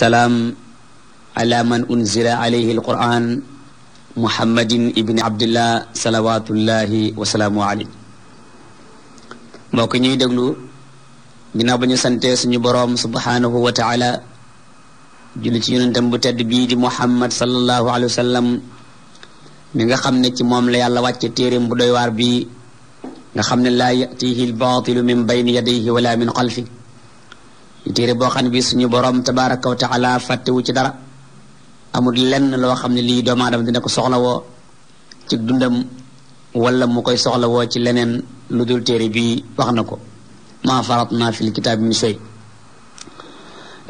salaam ala man unzila alayhi alquran muhammadin ibni abdillah salawatullahi wasalaamu aley mbokk ñuy déglu ginnaaw ba ñu santee suñu boroom subhanahu wa taala julli ci yonentam bu tedd bii di muhammad sallallahu alayhi wa mi nga xam ne ci moom la yàlla wàcce téeréem bu doy waar nga xam ne laa yatihi albaatilu min bayni yadayhi wala min xalfi téere boo xam ne bi suñu borom tabaraka wa taala fàttewu ci dara amul lenn loo xam ne lii doomu aadama dina ko soxlawoo ci dundam walla mu koy soxlawoo ci leneen lu dul téere bii wax na ko maa faratna fil kitaab min shay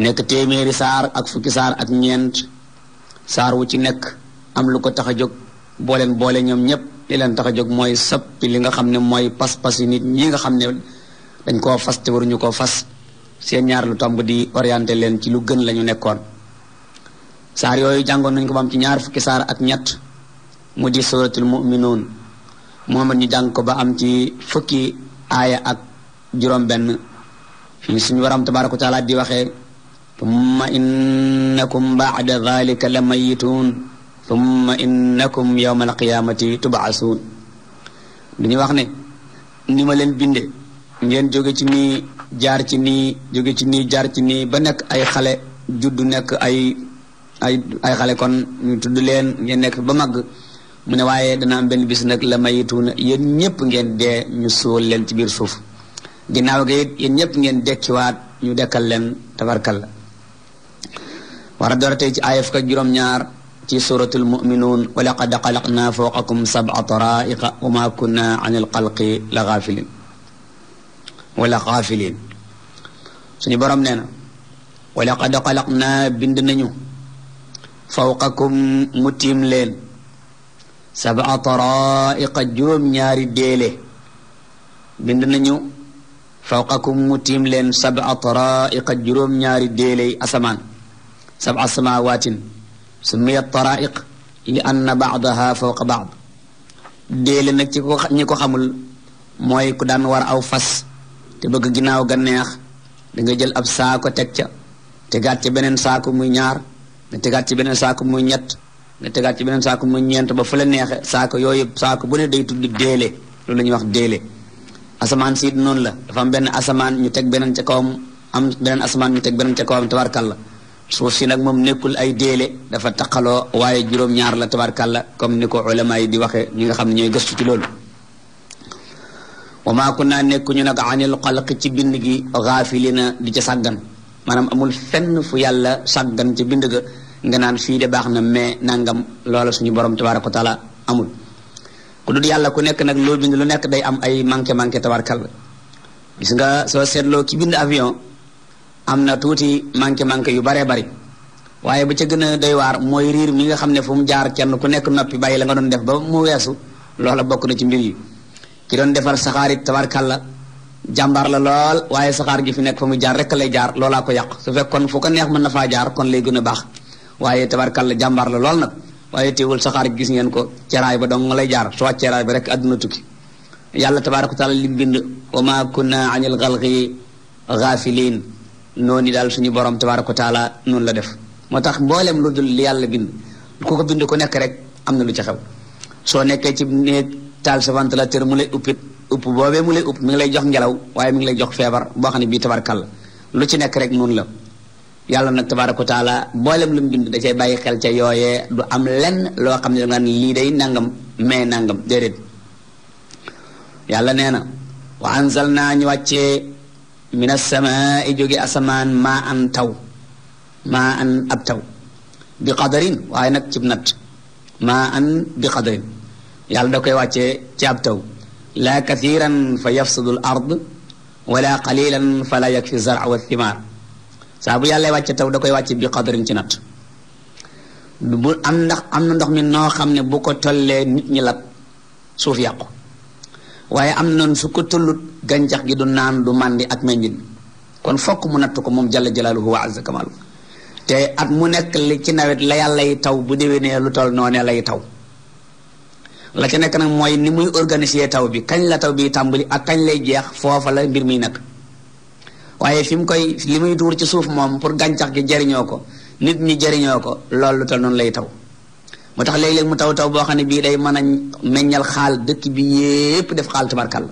nekk téeméeri saar ak fukki saar ak ñeent saar wu ci nekk am lu ko tax a jóg booleen boole ñoom ñëpp li leen tax a jóg mooy soppi li nga xam ne mooy pas-pas yi nit ñi nga xam ne dañ koo fas te waruñu koo fas seen ñaar lu tomb di orienté leen ci lu gën la ñu nekkoon saar yooyu jàngoon nañ ko ba am ci ñaar fukki saar ak ñett mu di suratul muminuun moom it ñu jàng ko ba am ci fukki aaya ak juróom-benn fii suñu waram tabaaraka wa taala di waxee tumma innakum baada dalika la mayituun tumma innakum yawma alqiyaamati tubaasuun dañu wax ne ni ma leen binde ngeen jóge ci nii jaar ci ni jóge ci nii jaar ci nii ba nekk ay xale juddu nekk ay ay xale kon ñu judd leen ngeen nekk ba màgg mu ne waaye dana am benn bis nag la mayituuna yéen ñëpp ngeen dee ñu suul leen ci biir suuf ginnaaw ga it yéen ñëpp ngeen dekkiwaat ñu dekkal leen tabarkal la war a door ci aaya fukk juróom-ñaar ci suratul muminuun wa laqad xalaqnaa fawqakum sab'a taraa'iqa wa maa kunna anil xalqi la gaafiliin wala xaafiliin suñu borom nee na wala qad xalaq naa bind nañu fawqakum mu tiim leen sabaa taraiqa juróom-ñaari déele bind nañu fawqakum mu tiim leen sabaa taraiqa juróom-ñaari déeley asamaan sabaa samawaatin summiyat taraiq li anna baadaha fawqa baad déele nag ci ko mooy ku daan war aw fas te bëgg ginnaaw ga neex da nga jël ab saako teg ca tegaat ci beneen saako muy ñaar nga tegaat ci beneen saako muy ñett nga tegaat ci beneen saako muy ñeent ba fu la neexe saako yooyu saako bu ne day tudd déele loolu la ñuy wax déele asamaan si noonu la dafa am benn asamaan ñu teg beneen ca kawam am beneen asamaan ñu teg beneen ca kawam tabarkalla suuf si nag moom nekkul ay déele dafa taqaloo waaye juróom-ñaar la tabarkalla comme ni ko ulama yi di waxee ñi nga xam ne ñooy gëstu ci loolu wa maa kunna nekkuñu nag anil xalqi ci bind gi gaafilina di ca sàggan maanaam amul fenn fu yàlla sàggan ci bind ga nga naan fii de baax na mais nangam loola suñu borom tabaraka wa taala amul ku dul yàlla ku nekk nag loo bind lu nekk day am ay manqué manqué tabarkal gis nga soo seetloo ki bind avion am na tuuti manqué manqué yu baree bari waaye ba ca gën day waar mooy riir mi nga xam ne fu mu jaar kenn ku nekk noppi bàyyi la nga doon def ba mu weesu loola bokk na ci mbir yi ki doon defar saxaar it tabarkàlla jàmbaar la lool waaye saxaar gi fi nekk fa mu jaar rek lay jaar loolaa ko yàq su fekkoon fu ko neex mën na faa jaar kon lay gën a baax waaye tabarkàlla jàmbaar la lool nag waaye teewul saxaar gis ngeen ko ceraay ba dong lay jaar su wàccee raay ba rek àdduna tukki yàlla tabaraka taala li bind wa ma kunna anil xalqi gaafiliin noonu daal suñu borom tabaraka taala noonu la def moo tax mboolem lu dul li yàlla bind ku ko nekk rek am na lu ca xew soo nekkee ci néeg taal sa ventilateur mu lay uppit upp boobee mu lay upp mu ngi lay jox ngelaw waaye mi ngi lay jox feebar boo xam ne bii tabarkal lu ci nekk rek noonu la yàlla nag tabaraka taala boolem lu mu bind da cay bàyyi xel ca yooyee du am lenn loo xam ne da nga naan lii day nangam mais nangam déedéet nee na wa anzalnaa ñu wàccee mina samaa'i an taw ma an ab taw bi qadarin waaye nag cib natt maa an bi qadarin yàlla da koy wàccee ci ab taw laa kathiran fa yafsudu al ard wala qalilan fa la yakfi zara wa thimaar saa bu yàlla wàcce taw da koy wàcce bi qadarin ci nat bu am ndax am na ndox mi noo xam ne bu ko tollee nit ñi lat suuf yàqu waaye am na su ko tollut gàncax gi du naan du màndi ak meññit kon fokk mu natt ko moom jalla jalaaluhu wa azza te at mu nekk li ci nawet la yàlla taw bu déwénee lu toll noonee lay taw la ca nekk nag mooy ni muy organiser taw bi kañ la taw bi tàmbali ak kañ lay jeex foofa lay mbir mi nag waaye fi mu koy li muy tuur ci suuf moom pour gàncax gi jariñoo ko nit ñi jariñoo ko loolu lu tal noonu lay taw moo tax léeg mu taw taw boo xam ne bii day mën a meññal xaal dëkk bi yépp def xaal tabarkal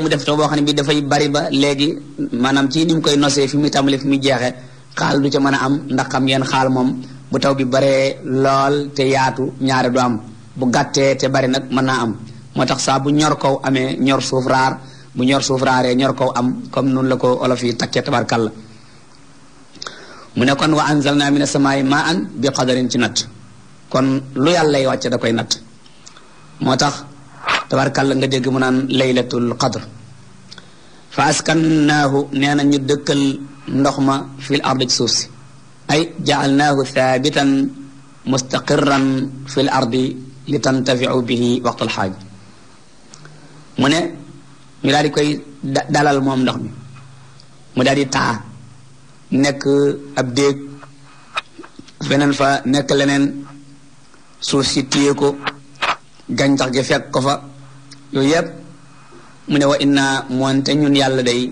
mu def taw boo xam ne bii dafay bari ba léegi maanaam ci ni koy nosee fi muy tàmbali fi muy jeexee xaal du ca mën a am ndax xam ngeen xaal moom bu taw bi baree lool te yaatu ñaare du am bu gàttee te bari nag mën naa am moo tax saa bu ñor kaw amee ñor suuf raar bu ñor suuf raaree ñor kaw am comme noonu la ko olof yi takkee tabarkàlla mu ne kon wa anzalna mina samaa'i maa'an bi qadarin ci nat kon lu yàlla lay wàcce da koy natt moo tax tabarkàlla nga dégg mu naan laylatul qadr fa askannaahu nee ñu dëkkal ndox ma fil ard ci suuf si ay jaalnaahu thaabitan mustaqirran fil ardi li tantafiu bihi waxtul xaaj mu ne ñu daal koy dalal moom ndox mi mu daal di taa nekk ab déeg fa nekk leneen suuf si téye ko gàncax gi fekk ko fa yooyu yëpp mu ne wa inna moonte ñun yàlla day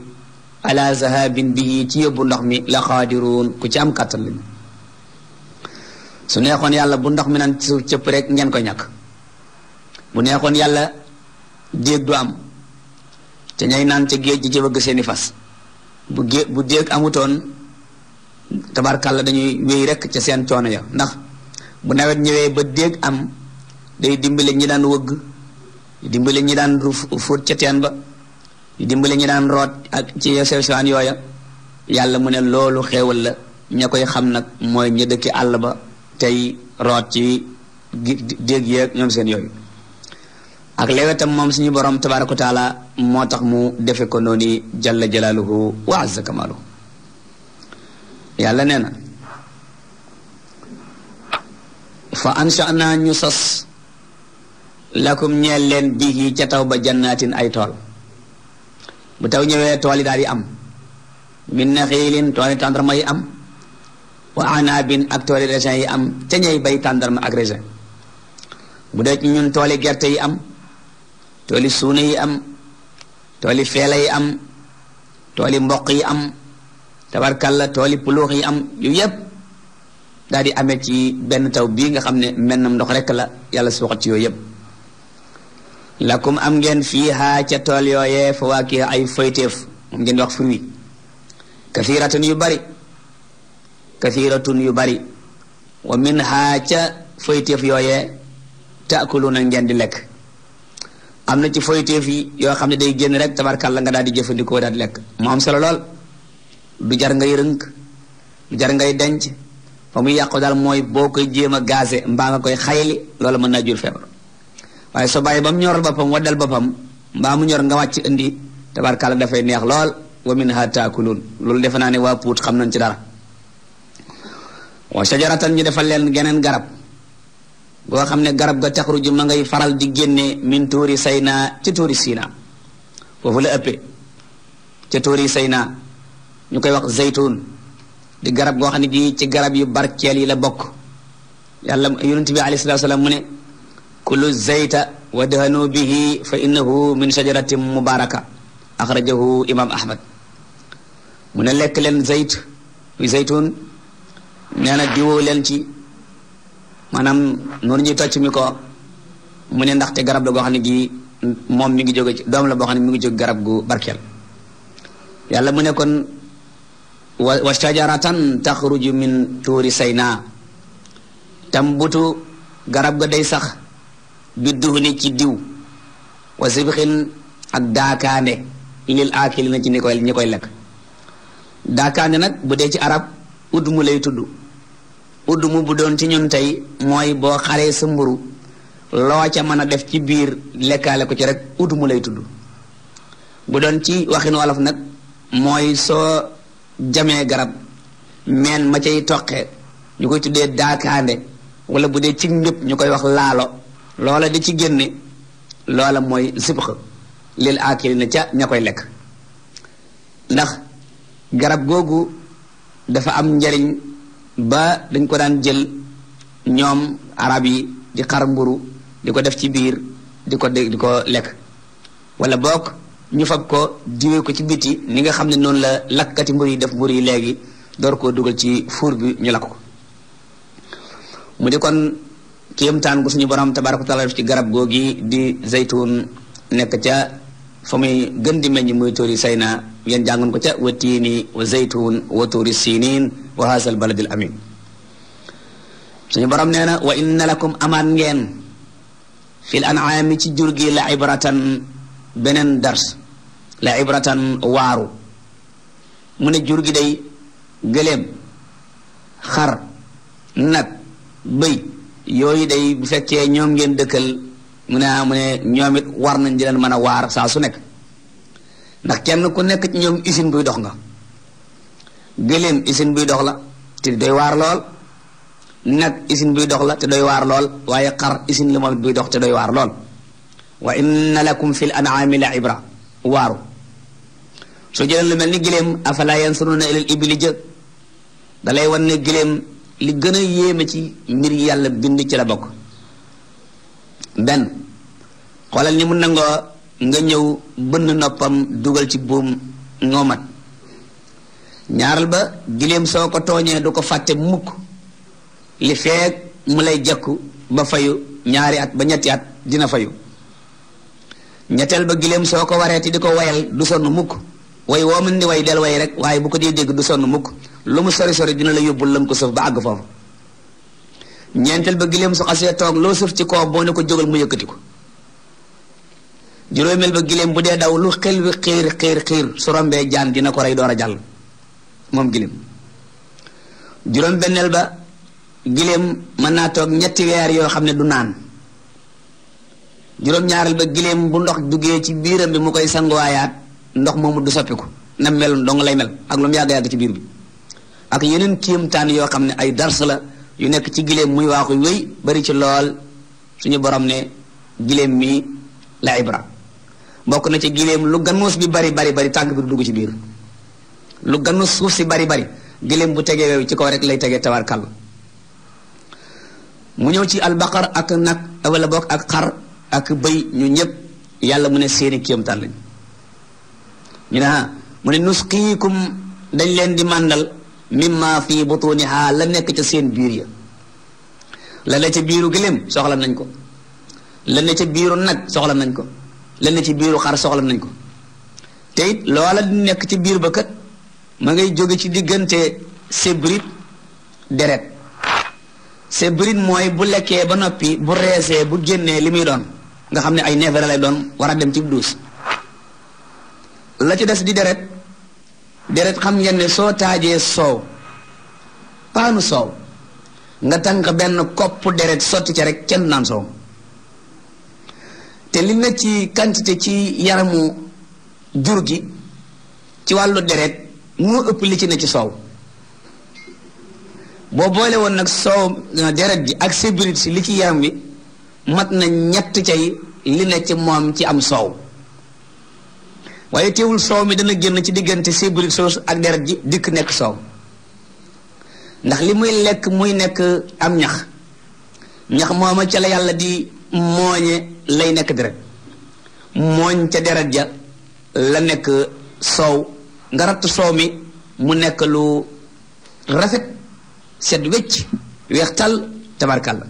ala zahabin bi ci yóbbu ndox mi la xaadiruun ku ci am kàttan lañu su neexoon yàlla bu ndox mi naan suuf cëpp rek ngeen ko ñàkk bu neexoon yàlla déeg du am te ñay naan ca géej gi ci bëgg seeni fas bu gée bu déeg amutoon tabarkàlla dañuy wéy rekk ca seen coono ya ndax bu nawet ñëwee ba déeg am day dimbale ñi daan wëgg dimbale ñi daan fóot ca teen ba dimbale ñi daan root ak ci sew sewaan yooya yàlla mu ne loolu xéewal la ña koy xam nag mooy ña dëkki àll ba tey root ci déeg yeeg ñoom seen yooyu ak lewetam moom suñu borom tabaraka taala moo tax mu defe ko noonu jalla jalaaluhu wa azza kamaaluhu yàlla nee na fa ansha'naa ñu sos lakum ñeel leen bihi ca taw ba jannaatin ay tool bu taw ñëwee tool yi daal di am min naxiilin tool yi tàndarma yi am wa anabin ak tooli raisin yi am ca ñey bay tàndarma ak raisin bu dee ci ñun tooli gerte yi am tooli suuna yi am tooli feela yi am tooli mboq yi am tabarkalla tooli puluux yi am yu yépp daal di amee ci benn taw bii nga xam ne mennam ndox rekk la yàlla suuxat ci yooyu yépp lakum am ngeen fiihaa ca tool yooyee fawaakiha ay foyteef ngeen wax fruit kafiratun yu bari kathiratun yu bari wa min haa ca foyteef yooyee taakuluna ngeen di lekk am na ci foyteef yi yoo xam ne day génn rek la nga daal di jëfandikoo daal lekk mu am solo lool du jar ngay rënk jar ngay denc fa mu yàqu daal mooy boo koy jéem a gaze mbaa nga koy xayli loolu mën naa jur feebar waaye soo bàyyi ba mu ñoral boppam waddal boppam mbaa mu ñor nga wàcc indi la dafay neex lool wa min haa taakulun loolu defe naa ne waa puut xam nañ ci dara wa shajaratan ñu defal leen geneen garab goo xam ne garab ga taxruju ma ngay faral di génne min tuuri sayna ci tuuri siina foofu la ëppee ca tuuri sayna ñu koy wax zaytun di garab goo xam ne gi ci garab yu barkeel yi la bokk yàlla yonent bi alayhi salaatu salaam mu ne kullu zayta wa dahanu bihi fa innahu min shajaratin mubaraka axrajahu imam ahmad mu ne lekk leen zayt muy zaytun nee na diwoo leen ci maanaam noonu ñuy tocc mi ko mu ne ndaxte garab la goo xam ne gii moom mi ngi jóge ci doom la boo xam ne mi ngi jóg garab gu barkeel yàlla mu ne kon wa wa shajaratan taxruju min tuuri tam tambutu garab ga day sax bi duhni ci diw wa sibxin ak daakaande lil aakilina ci ñi koy ñi koy lekk daakaande nag bu ci arab udd mu lay tudd udd mu bu doon ci ñun tey mooy boo xaree sa mburu loo ca mën a def ci biir lekkaale ko ci rek udd mu lay tudd bu doon ci waxin wolof nag mooy soo jamee garab meen ma cay toqe ñu koy tuddee daakaande wala bu dee ci ñëpp ñu koy wax laalo loola di ci génne loola mooy sibx lil aakili ca ña koy lekk ndax garab googu dafa am njariñ ba dañ ko daan jël ñoom arab yi di xar mburu di ko def ci biir di ko di ko lekk wala boog ñu fab ko diwee ko ci biti ni nga xam ne noonu la lakkati mburu yi def mburu yi léegi door koo dugal ci fuur bi ñu lakk ko mu di kon kéemtaan gu suñu borom tabaraka taala def ci garab googi di zaytun nekk ca fa muy gën di meññ muy tuuri sayna ngeen jàngoon ko ca wa tiini wa zaytun wa tuuri sinin wa haasal baladil amin suñu borom nee na wa inna lakum amaat ngeen fil an'aami ci jur gi la ibratan beneen dars la ibratan waaru mu ne jur gi day gëléem xar nag bëy yooyu day bu fekkee ñoom ngeen dëkkal mu ne ah mu ne ñoom war nañ di leen mën a waar saa su nekk ndax kenn ku nekk ci ñoom usine buy dox nga gëléem usine buy dox la te doy waar lool nag usine buy dox la te doy waar lool waaye xar usine la buy dox te doy waar lool wa inna lakum fil an'ami la ibra waaru soo jëlee lu mel ni gëléem afala yansuruna ilal ibili jë da lay wan ne gëléem li gën a yéeme ci mbir yàlla bind ci la bokk benn xoolal ni mu nangoo nga ñëw bënn noppam dugal ci buum ñoomat ñaaral ba giléem soo ko tooñee du ko fàtte mukk li feek mu lay jekku ba fayu ñaari at ba ñetti at dina fayu ñetteel ba giléem soo ko wareeti di ko wayal du sonn mukk way woo mën di way del way rek waaye bu ko dee dégg du sonn mukk lu mu sori sori dina la yóbbul lam ko sëf ba àgg foofu ñeenteel ba giléem su xasee toog loo sëf ci koo boo ne ko jógal mu yëkkati ko juróomeel ba gileem bu dee daw lu xel wi xiir xiir xiir su rombee jaan dina ko rey door a jàll moom giléem juróom benneel ba gileem mën naa toog ñetti weer yoo xam ne du naan juróom ñaareel ba gileem bu ndox duggee ci biiram bi mu koy sanguwaayaat ndox moomu du ko na mel dong lay mel ak lu mu yàgg-yàgg ci biir bi ak yeneen kéemtaan yoo xam ne ay dars la yu nekk ci giléem muy waa waaxu wéy bari ci lool suñu borom ne giléem mi la ibra bokk na ci giléem lu gannuus bi bari bari bari tànk bi dugg ci biir lu gannuus suuf si bari bari giléem bu tegee weew ci kaw rek lay tegee tawarkal mu ñëw ci albaqar ak nag wala bokk ak xar ak bëy ñu ñëpp yàlla mu ne seeni kéemtaan lañ ñu ne ah mu ne nusqiikum dañ leen di màndal mimma fii butuniha la nekk ca seen biir ya la ne ca biiru gëléem soxla nañ ko la ne ca biiru nag soxla nañ ko la ne ci biiru xar soxla nañ ko te it loola nekk ci biir ba kat ma ngay jóge ci diggante sébrit deret sébrit mooy bu lekkee ba noppi bu reesee bu génnee li muy doon nga xam ne ay neefere lay doon war a dem ci duus la ci des di deret deret xam ngeen ne soo taajee soow paanu soow nga tànk benn kopp deret sotti ca rek kenn naan soow te li na ci quantité ci yaramu jur gi ci wàllu deret moo ëpp li ci ne ci soow boo boole woon nag soow euh, deret ji ak sébrit si li ci yaram wi mat na ñett cay li ne ci moom ci am soow waaye teewul soow mi dana génn ci diggante sibri soosu ak deret ji dikk nekk soow ndax li muy lekk muy nekk am ñax ñax mooma ca la yàlla di mooñe lay nekk deret mooñ ca deret ja la nekk soow nga ratt soow mi mu nekk lu rafet set wecc weex tal tabarkàlla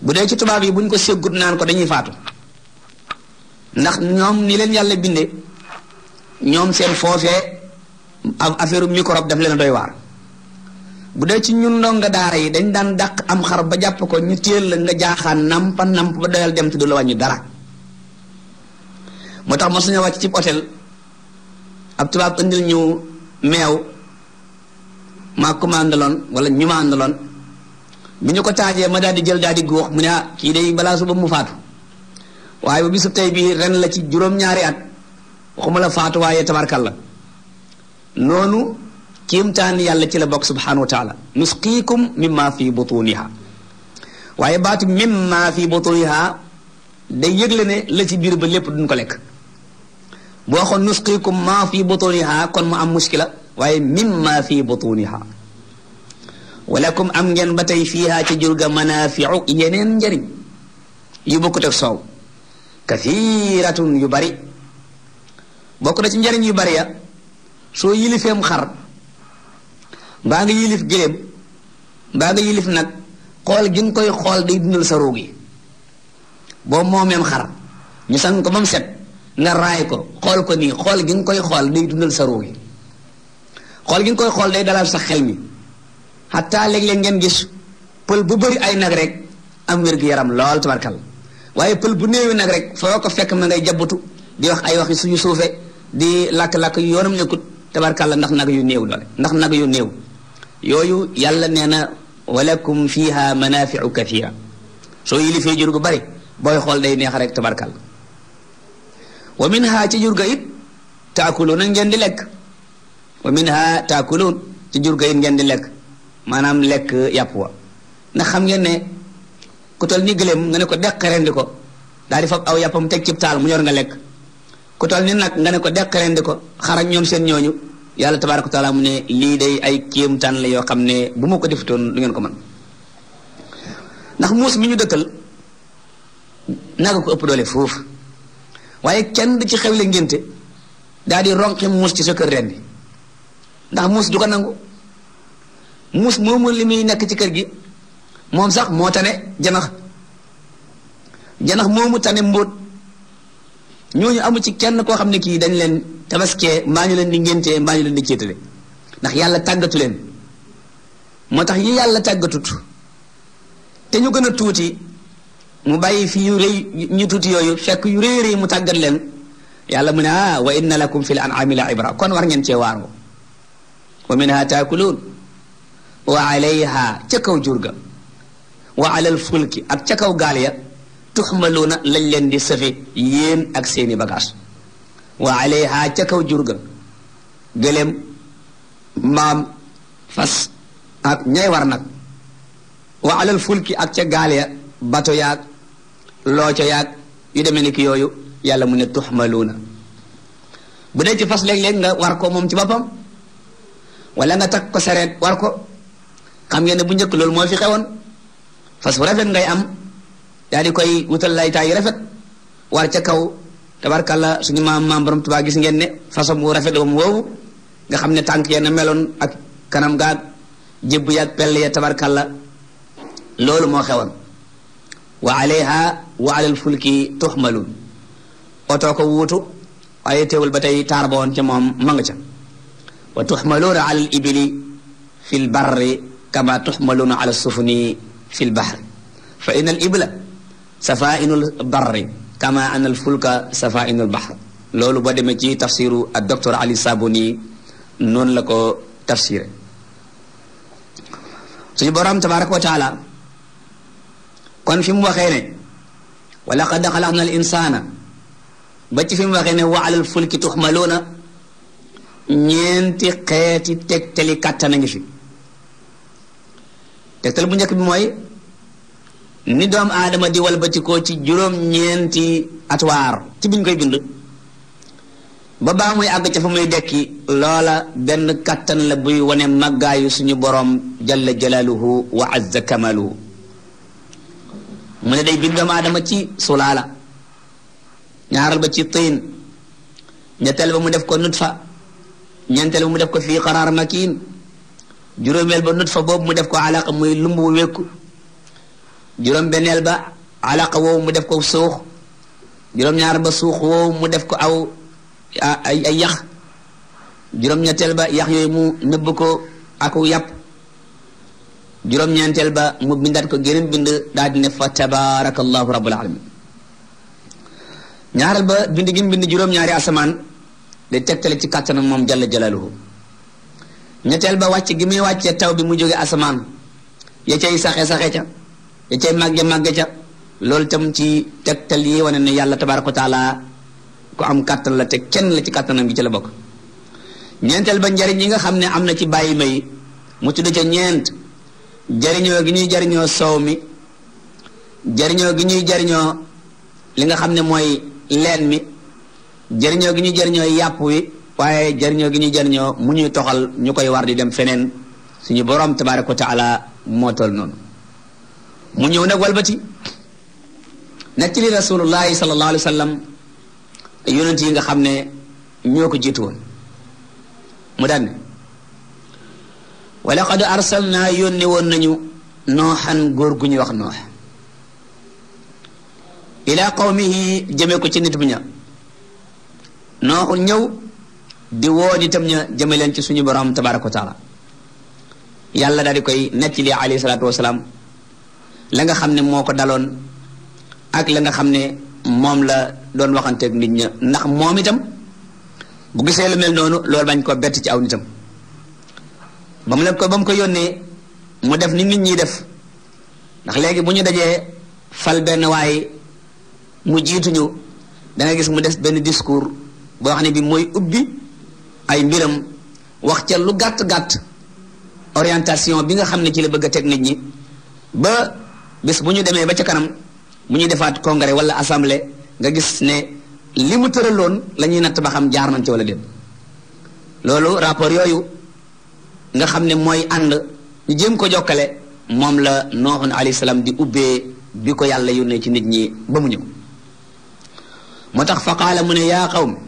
bu dee ci tubaab yi buñ ko séggut naan ko dañuy faatu ndax ñoom ni leen yàlla bindee ñoom seen foofee affaire microbe daf leen a doy waar bu dee ci ñun ndonga daara yi dañ daan dàq am xar ba jàpp ko ñu téel la nga jaaxaan nampa namp ba doyal dem te du la wàññi dara moo tax ma mosuñu wàcc ci hôtel ab tubaab indil ñu meew ko ma àndaloon wala ñu ma àndaloon bi ñu ko taajee ma daal di jël daal di góox mu ne ah, kii de balaa suba mu faatu waaye bu bisu tey bii ren la ci juróom at waxuma la waaye tabarkal la noonu kéemtaan yàlla ci la bokk subhanahu wa taala nusqiikum mimma fi butuniha waaye baatu mimma fi butuniha day yëgle ne la ci biir ba lépp duñ ko lekk boo xoon nusqiikum maa fi butuniha kon mu am muskila waaye mimma fi butuniha walakum am ngeen ba tey fiiha ci jur ga manaafiu yeneen njëriñ yu bokkut ak soow kathiratun yu bari bokk na ci njariñ yu bari ya soo yilifeem xar mbaa ngi yilif géléem mbaa nga yilif nag xool gi koy xool day dundal sa ruug yi boo moomeem xar ñu sang ko ba set nga raay ko xool ko nii xool gi koy xool day dundal sa ruug xool gi koy xool dalal sax xel mi xataa léeg-léeg ngeen gis pël bu bëri ay nag rek am wér-gu-yaram lool tabarkal waaye pël bu néewi nag rek foo ko fekk ma ngay jabbatu di wax ay wax yi suñu suufe di lakk-lakk yu yoonam nekkut tabarkàlla ndax nag yu néew doole ndax nag yu néew yooyu yàlla nee na walakum fiha manafiu kathira soo yilifee jur gu bari booy xool day neex rek tabarkàlla wa minha ci jur ga it taakuluun ngeen di lekk wa minha taakuluun ci jur ga it ngeen di lekk maanaam lekk yàpp wa ndax xam ngeen ne ku ni gëléem nga ne ko deq rendi ko daal di fab aw yàppam teg cib taal mu ñor nga lekk ku toll ni nag nga ne ko deq rendi ko xar ak ñoom seen ñooñu yàlla tabaaraka taala mu ne lii day ay kéemtaan la yoo xam ne bu ma ko defutoon du ngeen ko mën ndax muus mi ñu dëkkal naga foofu waaye kenn du ci xewle ngénte daal di ronqi muus ci sa kër bi ndax muus du ko nangu muus moomu li muy nekk ci kër gi moom sax moo tane janax janax moomu tane mbóot ñu amu ci kenn koo xam ne kii dañ leen tabaskee mbaa ñu leen di ngéntee mbaa ñu leen di céetale ndax yàlla tàggatu leen moo tax yi yàlla tàggatut te ñu gën a tuuti mu bàyyi fi yu rëy ñu tuuti yooyu fekk yu rëy rëy mu tàggat leen yàlla mu ne ah wa inna lakum fil an'ami la ibra kon war ngeen cee waaroo wa minha taakuluun wa alayha ca kaw jurga wa alal fulki ak ca kaw gaal ya tuxmaluuna lañ leen di sëfe yéen ak seeni bagage wa alayha ca kaw jurga gëléem mbaam fas ak ñay war nag wa alal fulki ak ca gaal ya bato yaag looco yaag yu demee ni ki yooyu yàlla mu ne tuxmaluuna bu dee ci fas léeg-léeg nga war ko moom ci boppam wala nga takk ko sareet war ko xam ngeen ne bu njëkk loolu moo fi xewoon fas bu rafet ngay am daal di koy wutal laytaay rafet war ca kaw tabarkalla suñu maam maam borom Tuubaa gis ngeen ne façon bu rafet la woowu nga xam ne tànk yenn meloon ak kanam gaag jëbb yaag pell ya tabarkalla loolu moo xewoon wa alayha wa alal fulki tuxmaluun otoo ko wuutu waaye teewul ba tey taar ba woon ca moom ma nga ca wa tuxmaluuna alal ibili fi l barri kama tuxmaluuna sufuni fi lbaxr fa in al ibla safainul barri kama an loolu boo demee ci tafsiru ak docteur Ali Sabuni noonu la ko tafsiré suñu borom tabaraka wa taala kon fi mu waxee ne wa laqad xalaqna al insana ba ci fi mu waxee ne wa alal fulki tuxmaluuna ñeenti xeeti tegtali kàttan a ngi fi tegtal bu njëkk bi mooy ni doom aadama di walbatikoo ci juróom-ñeenti atwaar ci biñ koy bind ba baa muy àgg ca muy dekki loola benn kàttan la buy wone màggaayu suñu boroom jalla jalaaluhu wa azza kamaluhu mu ne day bind doomu ci sulaala ñaaral ba ci tiin ñetteel ba mu def ko nutfa ñeenteel ba mu def ko fii qaraar makiin juróomeel ba nut fa boobu mu def ko alaqa muy lumb bu wékku juróom benneel ba alaqa woowu mu def ko suux juróom-ñaar ba suux woowu mu def ko aw ay ay ba yax yooyu mu nëbb yàpp juróom-ñeenteel ba mu bindaat ko géneen bind daal di ne fa tabaraka allahu rabbul alamin ñaareel ba bind gi mu bind juróom-ñaari asamaan day tegtale ci kàttanam moom jalla jalaaluhu ñetteel ba wàcc gi muy wàccee taw bi mu jóge asamaan ya cay saxe-saxe ca ya cay màgge-màgge ca loolu tam ci tegtal yi wane na yàlla tabaraka wa taala ku am kàttan la te kenn la ci kàttanam gi ci la bokk ñeenteel ba njariñ yi nga xam ne am na ci bàyyi may mu tudd ca ñeent jariñoo gi ñuy jariñoo soow mi jariñoo gi ñuy jariñoo li nga xam ne mooy leen mi jariñoo gi ñuy jariñoo yàpp wi waaye jariñoo gi ñu jariñoo mu ñuy toxal ñu koy war di dem feneen suñu borom tabaaraka wa taala moo toll noonu mu ñëw nag walbati nett li rasulullahi sallallahu alayhi wa sallam yonent yi nga xam ne ñoo ko jiitu woon mu daan ne wa laqad arsalnaa yónne woon nañu nooxan góor gu ñuy wax noox ila qawmihi jëmee ko ci nit bu ña nooxun ñëw di woo itam ña jëme leen ci suñu borom tabaraka wa taala yàlla daal di koy nettali alayhi salaatu wasalaam la nga xam ne moo ko daloon ak la nga xam ne moom la doon waxanteeg nit ña ndax moom itam bu gisee lu mel noonu loolu bañ koo bett ci aw nitam ba mu leen ko ba mu ko yónnee mu def ni nit ñiy def ndax léegi bu ñu dajee fal benn waaye mu jiituñu da nga gis mu des benn discours boo xam ne bi mooy ubbi ay mbiram wax ca lu gàtt-gàtt orientation bi nga xam ne ci la bëgg a teg nit ñi ba bis bu ñu demee ba ca kanam bu ñuy defaat congrès wala assemblée nga gis ne li mu tëraloon la ñuy natt ba xam jaar nañ ci wala dem loolu rapport yooyu nga xam ne mooy ànd ñu jëm ko jokkale moom la nooxun alayhi salaam di ubbee bi ko yàlla yónnee ci nit ñi ba mu ñëw moo tax fa qaala mu ne yaa qawm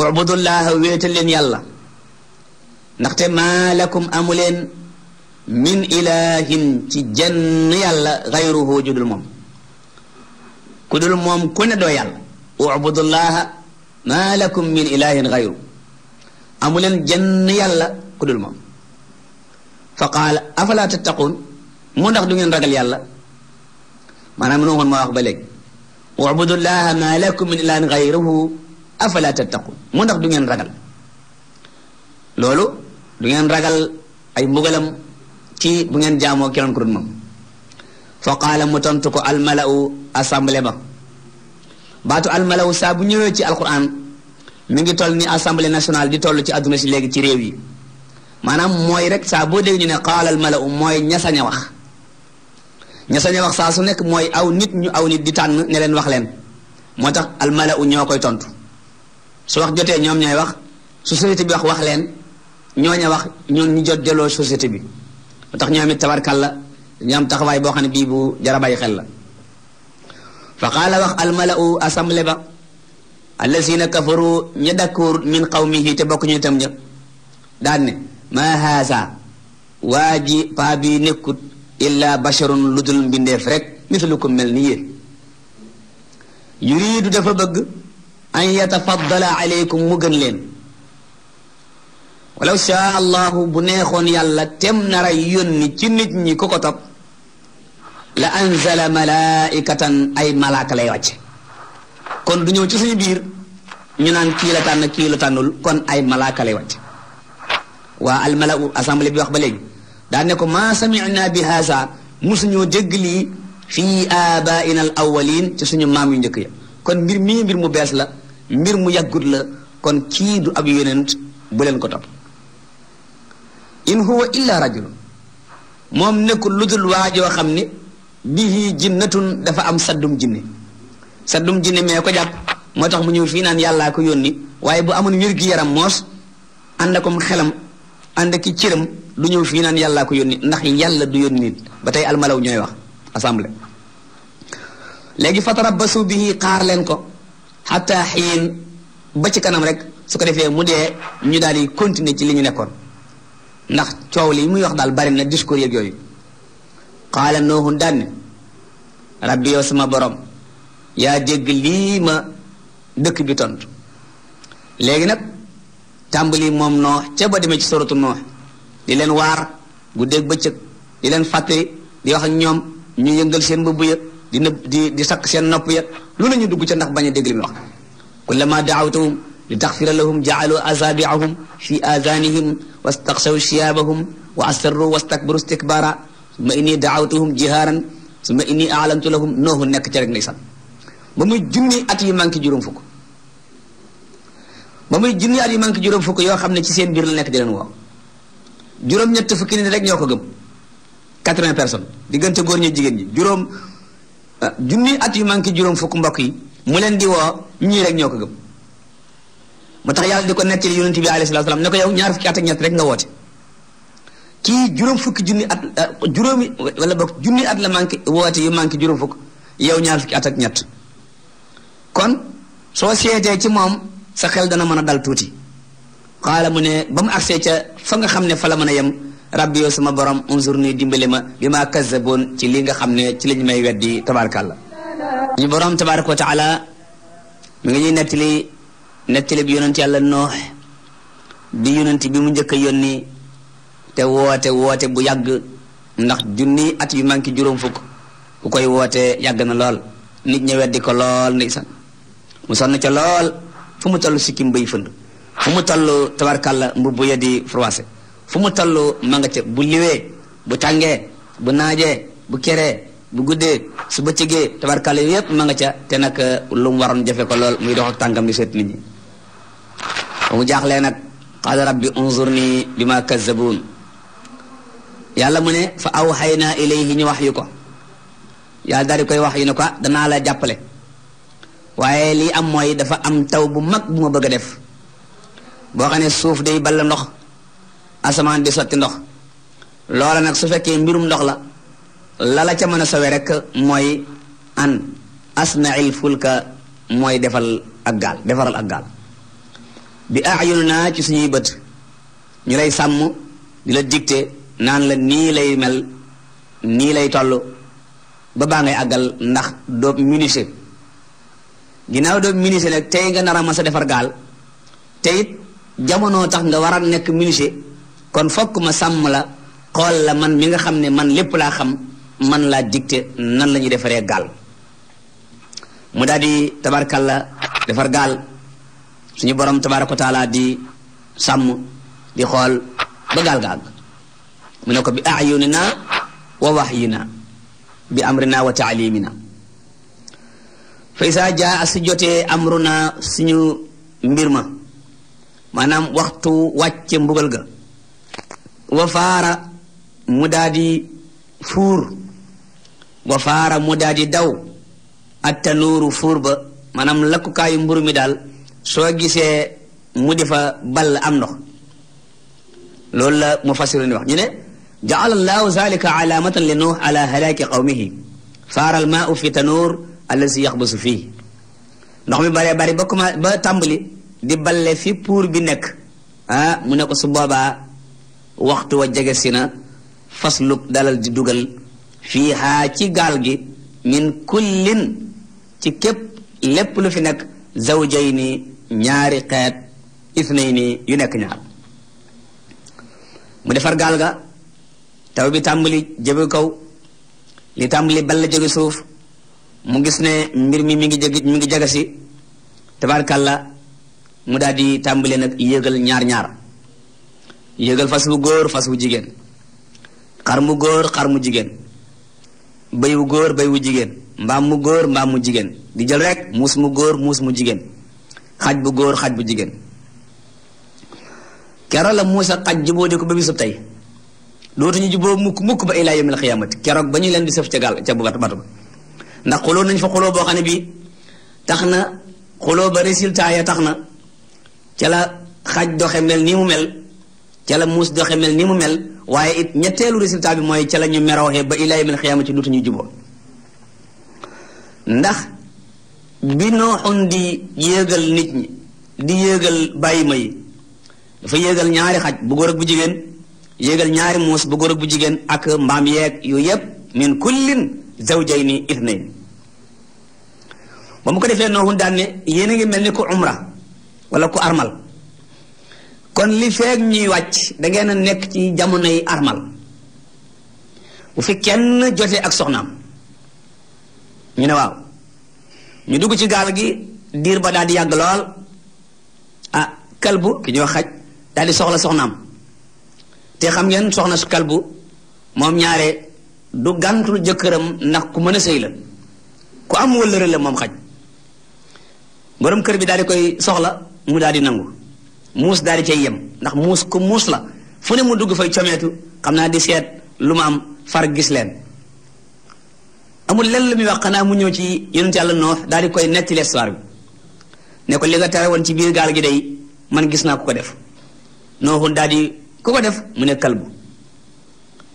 ubudullaha wéetal leen yàlla ndaxte maa lakum amuleen min ilahin ci jenn yàlla xayruhu judul moom ku dul moom ku ne doo yàlla ubudullaha maa lakum min ilahin xayru amuleen jenn yàlla ku dul moom fa qaala afala tattaquun mu ndax du ngeen ragal yàlla maanaam noonu ma wax ba léegi ubudullaha maa lakum min ilahin xayruhu afalaate tattaqun moo ndax du ngeen ragal loolu du ngeen ragal ay mbugalam ci bu ngeen jaamoo keneen ku dul moom fa qaala mu tontu ko almalawu assemblée ba baatu almalawu saa bu ñëwee ci alquran mi ngi toll ni assemblée nationale di toll ci adduna si léegi ci réew yi maanaam mooy rek saa boo dégg ñu ne qaala almalawu mooy ñasañ a wax ñasañ a wax saa su nekk mooy aw nit ñu aw nit di tànn ne leen wax leen moo tax almalawu ñoo koy tontu su wax jotee ñoom ñooy wax su société bi wax wax leen ñooña wax ñoon ñu jot jëloo société bi tax ñoom it tabarkalla ñu am taxawaay boo xam ne bii bu jara bàyyi xel la fa qaala wax almalau assemblée ba allazina kafaru ña dakkuur min qawmihi te bokk ñu itam ñëpp daan ne maa haasa waa ji paa bi nekkut illa basharun lu dul mbindeef rek mithlukum mel ni yéen yuriidu dafa bëgg an yatafaddala aleykum mu gën leen walaw shaa allahu bu neexoon yàlla tem nara yónni ci nit ñi ku ko la anzala malaikatan ay malaaka lay kon du ñëw ci suñu biir ñu naan kii la tànn kii kon ay malaaka lay wàcce waa almalau bi wax ba léegi daane ko maa samina bi haasa musuñoo dégg lii fii abaina al ci suñu maam yu njëkk ya kon mbir mii mbir mu bees la mbir mu yàggut la kon kii du ab yonent bu leen ko topp in huwa illa rajulun moom nekkul lu dul waajoo xam ne bihi jinnatun dafa am saddum jinne saddum jinne mee ko jàpp moo tax mu ñëw fii naan yàllaa ko yónni waaye bu amoon wér-gi-yaram moos ànd akom xelam ànd aki ciram du ñëw fii naan yàllaa ko yónni ndax yàlla du yónni ba tey almalaw ñooy wax assemblée léegi fatarabasu bihi xaar leen ko xataa xiin ba ci kanam rek su ko defee mu dee ñu daal di continuer ci li ñu nekkoon ndax coow li muy wax daal bari na discours yéeg yooyu xaala noohun daanne rabbi yow sama boroom yaa dégg lii ma dëkk bi tontu léegi nag tàmbali moom noox ca ba demee ci soratu noox di leen waar guddeeg bëccëg di leen fàtte di wax ñoom ñu yëngal seen mbubb ya di nëb di di sakk seen nopp ya lu la ñu dugg ca ndax bañ a dégg li mu wax kullama daawtahum li taxfira lahum jaalu asabiahum fi adanihim wastaxsaw siyaabahum wa asarru wastakbaru istikbaara summa inni daawtuhum jihaaran summa inni aalamtu lahum noohu nekk ca rek ndeysaan ba muy junni at yi manqué juróom fukk ba muy junni at yi manqué juróom fukk yoo xam ne ci seen biir la nekk di leen woo juróom-ñett fukki nit rek ñoo ko gëm quatre di gën diggante góor ñi jigéen ñi juróom Ah, junni at yu manqué juróom fukk mbokk yi mu leen di woo ñii rek ñoo ko gëm moo tax yàlla di ko nettali yonent bi alayhi salaam ne ko yow ñaar fukki at ak ñett nga woote kii juróom ah, wala boog junni at la manqué woote manqué juróom fukk yow ñaar fukki at ak ñett kon soo seetee ci moom sa xel dana mën a dal tuuti xaala mu ne ba mu agsee ca fa nga xam ne fa la mën a yem rabbi yow sama borom unzurni dimbale ma bi ma kazzaboon ci li nga xam ne ci lañ may weddi tabarakàllah ñu borom tabaraka wa taala mi ngi ñuy nettali nettali bi yonent yàlla noox di yonent bi mu njëkk a yónni te woote woote bu yàgg ndax junni at yu manqué juróom fukk ku koy woote yàgg na lool nit ñi weddi ko lool ndeysaan mu sonn ca lool fu mu toll sikkim bay fënd fu mu toll di froissé fu mu toll ma nga ca bu liwee bu tàngee bu naajee bu keree bu guddee su ba bëccëgee tabarkaale yëpp ma nga ca te nag euh, lu mu waroon jafe ko lool muy dox ak tànkam di seet mu jaaxlee nag qaala rabbi unzurni bi ma kazzabuun yàlla mu ne fa awxaynaa ilayhi ñu wax yu ko yàlla daal koy wax yu ne ko ah, danaa la jàppale waaye lii am mooy dafa am taw bu mag bu ma bëgg a def boo xam ne suuf day balla ndox asamaan di sotti ndox loola nag su fekkee mbirum ndox la lala ca mën a rek mooy an asnail fulka mooy defal ak gaal defaral ak gaal bi ayunu naa ci suñuy bët ñu lay sàmm di la dicté naan la nii lay mel nii lay toll ba baa ngay àggal ndax doo minise ginnaaw doo minise nag tey nga nar a mën sa defar gaal te it tax nga war a nekk minise kon fokk ma sàmm la xool la man mi nga xam ne man lépp laa xam man laa dicté nan la ñuy defaree gaal mu daal di tabarkalla defar gaal suñu borom tabaraka ko taala di sàmm di xool ba gaal gaag mu ne ko bi ayunina wa wahyina bi amrina wa taalimina fa saa jaa su jotee na suñu mbir ma maanaam waxtu wàcce mbugal ga wa faara mudaadi fuur wa faara mu daa di daw attanuuru fuur ba maanaam lakkukaayu mburu mi daal soo gisee mu di fa ball am ndox loolu la mu fassiru wax ñu ne jaala allahu zalika alaamatan li nuux ala halaaki qawmihi faara al fi tanuur allazi yaxbasu fii ndox mi baree bari ba commencé di balle fi puur bi nekk ah mu ne ko waxtu wa jege si na fasluk dalal di dugal fiihaa ci gaal gi min kullin ci képp lépp lu fi nekk zawjayni ñaari xeet ithnayni yu nekk ñaar mu defar gaal ga taw bi tàmbali jëbe kaw li tàmbali balla jóge suuf mu gis ne mbir mi mi ngi jege mi ngi jege si tabaarkàlla mu daal di tàmbali nag yéegal ñaar-ñaar yégal fas wu góor fas wu jigéen xar mu góor xar mu jigéen bay wu góor bay wu jigéen mbaam mu góor mbaam mu jigéen di jël rek muus mu góor muus mu jigéen xaj bu góor xaj bu jigéen kero la muus ak xaj jubóo di ko ba bisub tey dootuñu jubóo mukk mukk ba ilaa yawmil xiyaamati keroog ba ñu leen di sëf ca gaal ca batu ba ndax xuloo nañ fa xuloo boo xam bii tax na xuloo ba résultat ya tax na ca xaj doxe mel nii mu mel ca la muus doxe mel ni mu mel waaye it ñetteelu résultat bi mooy ca la ñu merooxee ba ilaa yawmil xiyaama ci duutu ñu juboo ndax bi nooxun di yéegal nit ñi di yéegal bàyyi may dafa yëgal ñaari xaj bu ak bu jigéen yéegal ñaari muus bu góor ak bu jigéen ak mbaam yeeg yu yépp min kullin zawjayni ithnayn ba mu ko defee nooxun daan ne yéen a ngi mel ni ku umra walla ku armal kon li feeg ñuy wàcc da nekk ci jamonoy armal bu fi kenn jotee ak soxnaam ñu ne waaw ñu dugg ci gaal gi diir ba daal di yàgg lool a ah, kalbu ki ñoo xaj daal soxla soxnaam te xam ngeen soxna su kalbu moom ñaare du gàntul jëkkëram ndax ku mën a sëy la ku am wëllëre moom xaj boroom kër bi daal koy soxla mu daal di nangu muus daal di cay yem ndax muus ku muus la fu ne mu dugg fay comeetu xam naa di seet lu ma am far gis leen amul lenn lu muy wax xanaa mu ñëw ci yonent yàlla noox daal di koy netti l'histoire bi ne ko li nga tere woon ci biir gaal gi day man gis naa ku ko def nooxun daal di ku ko def mu ne kalbu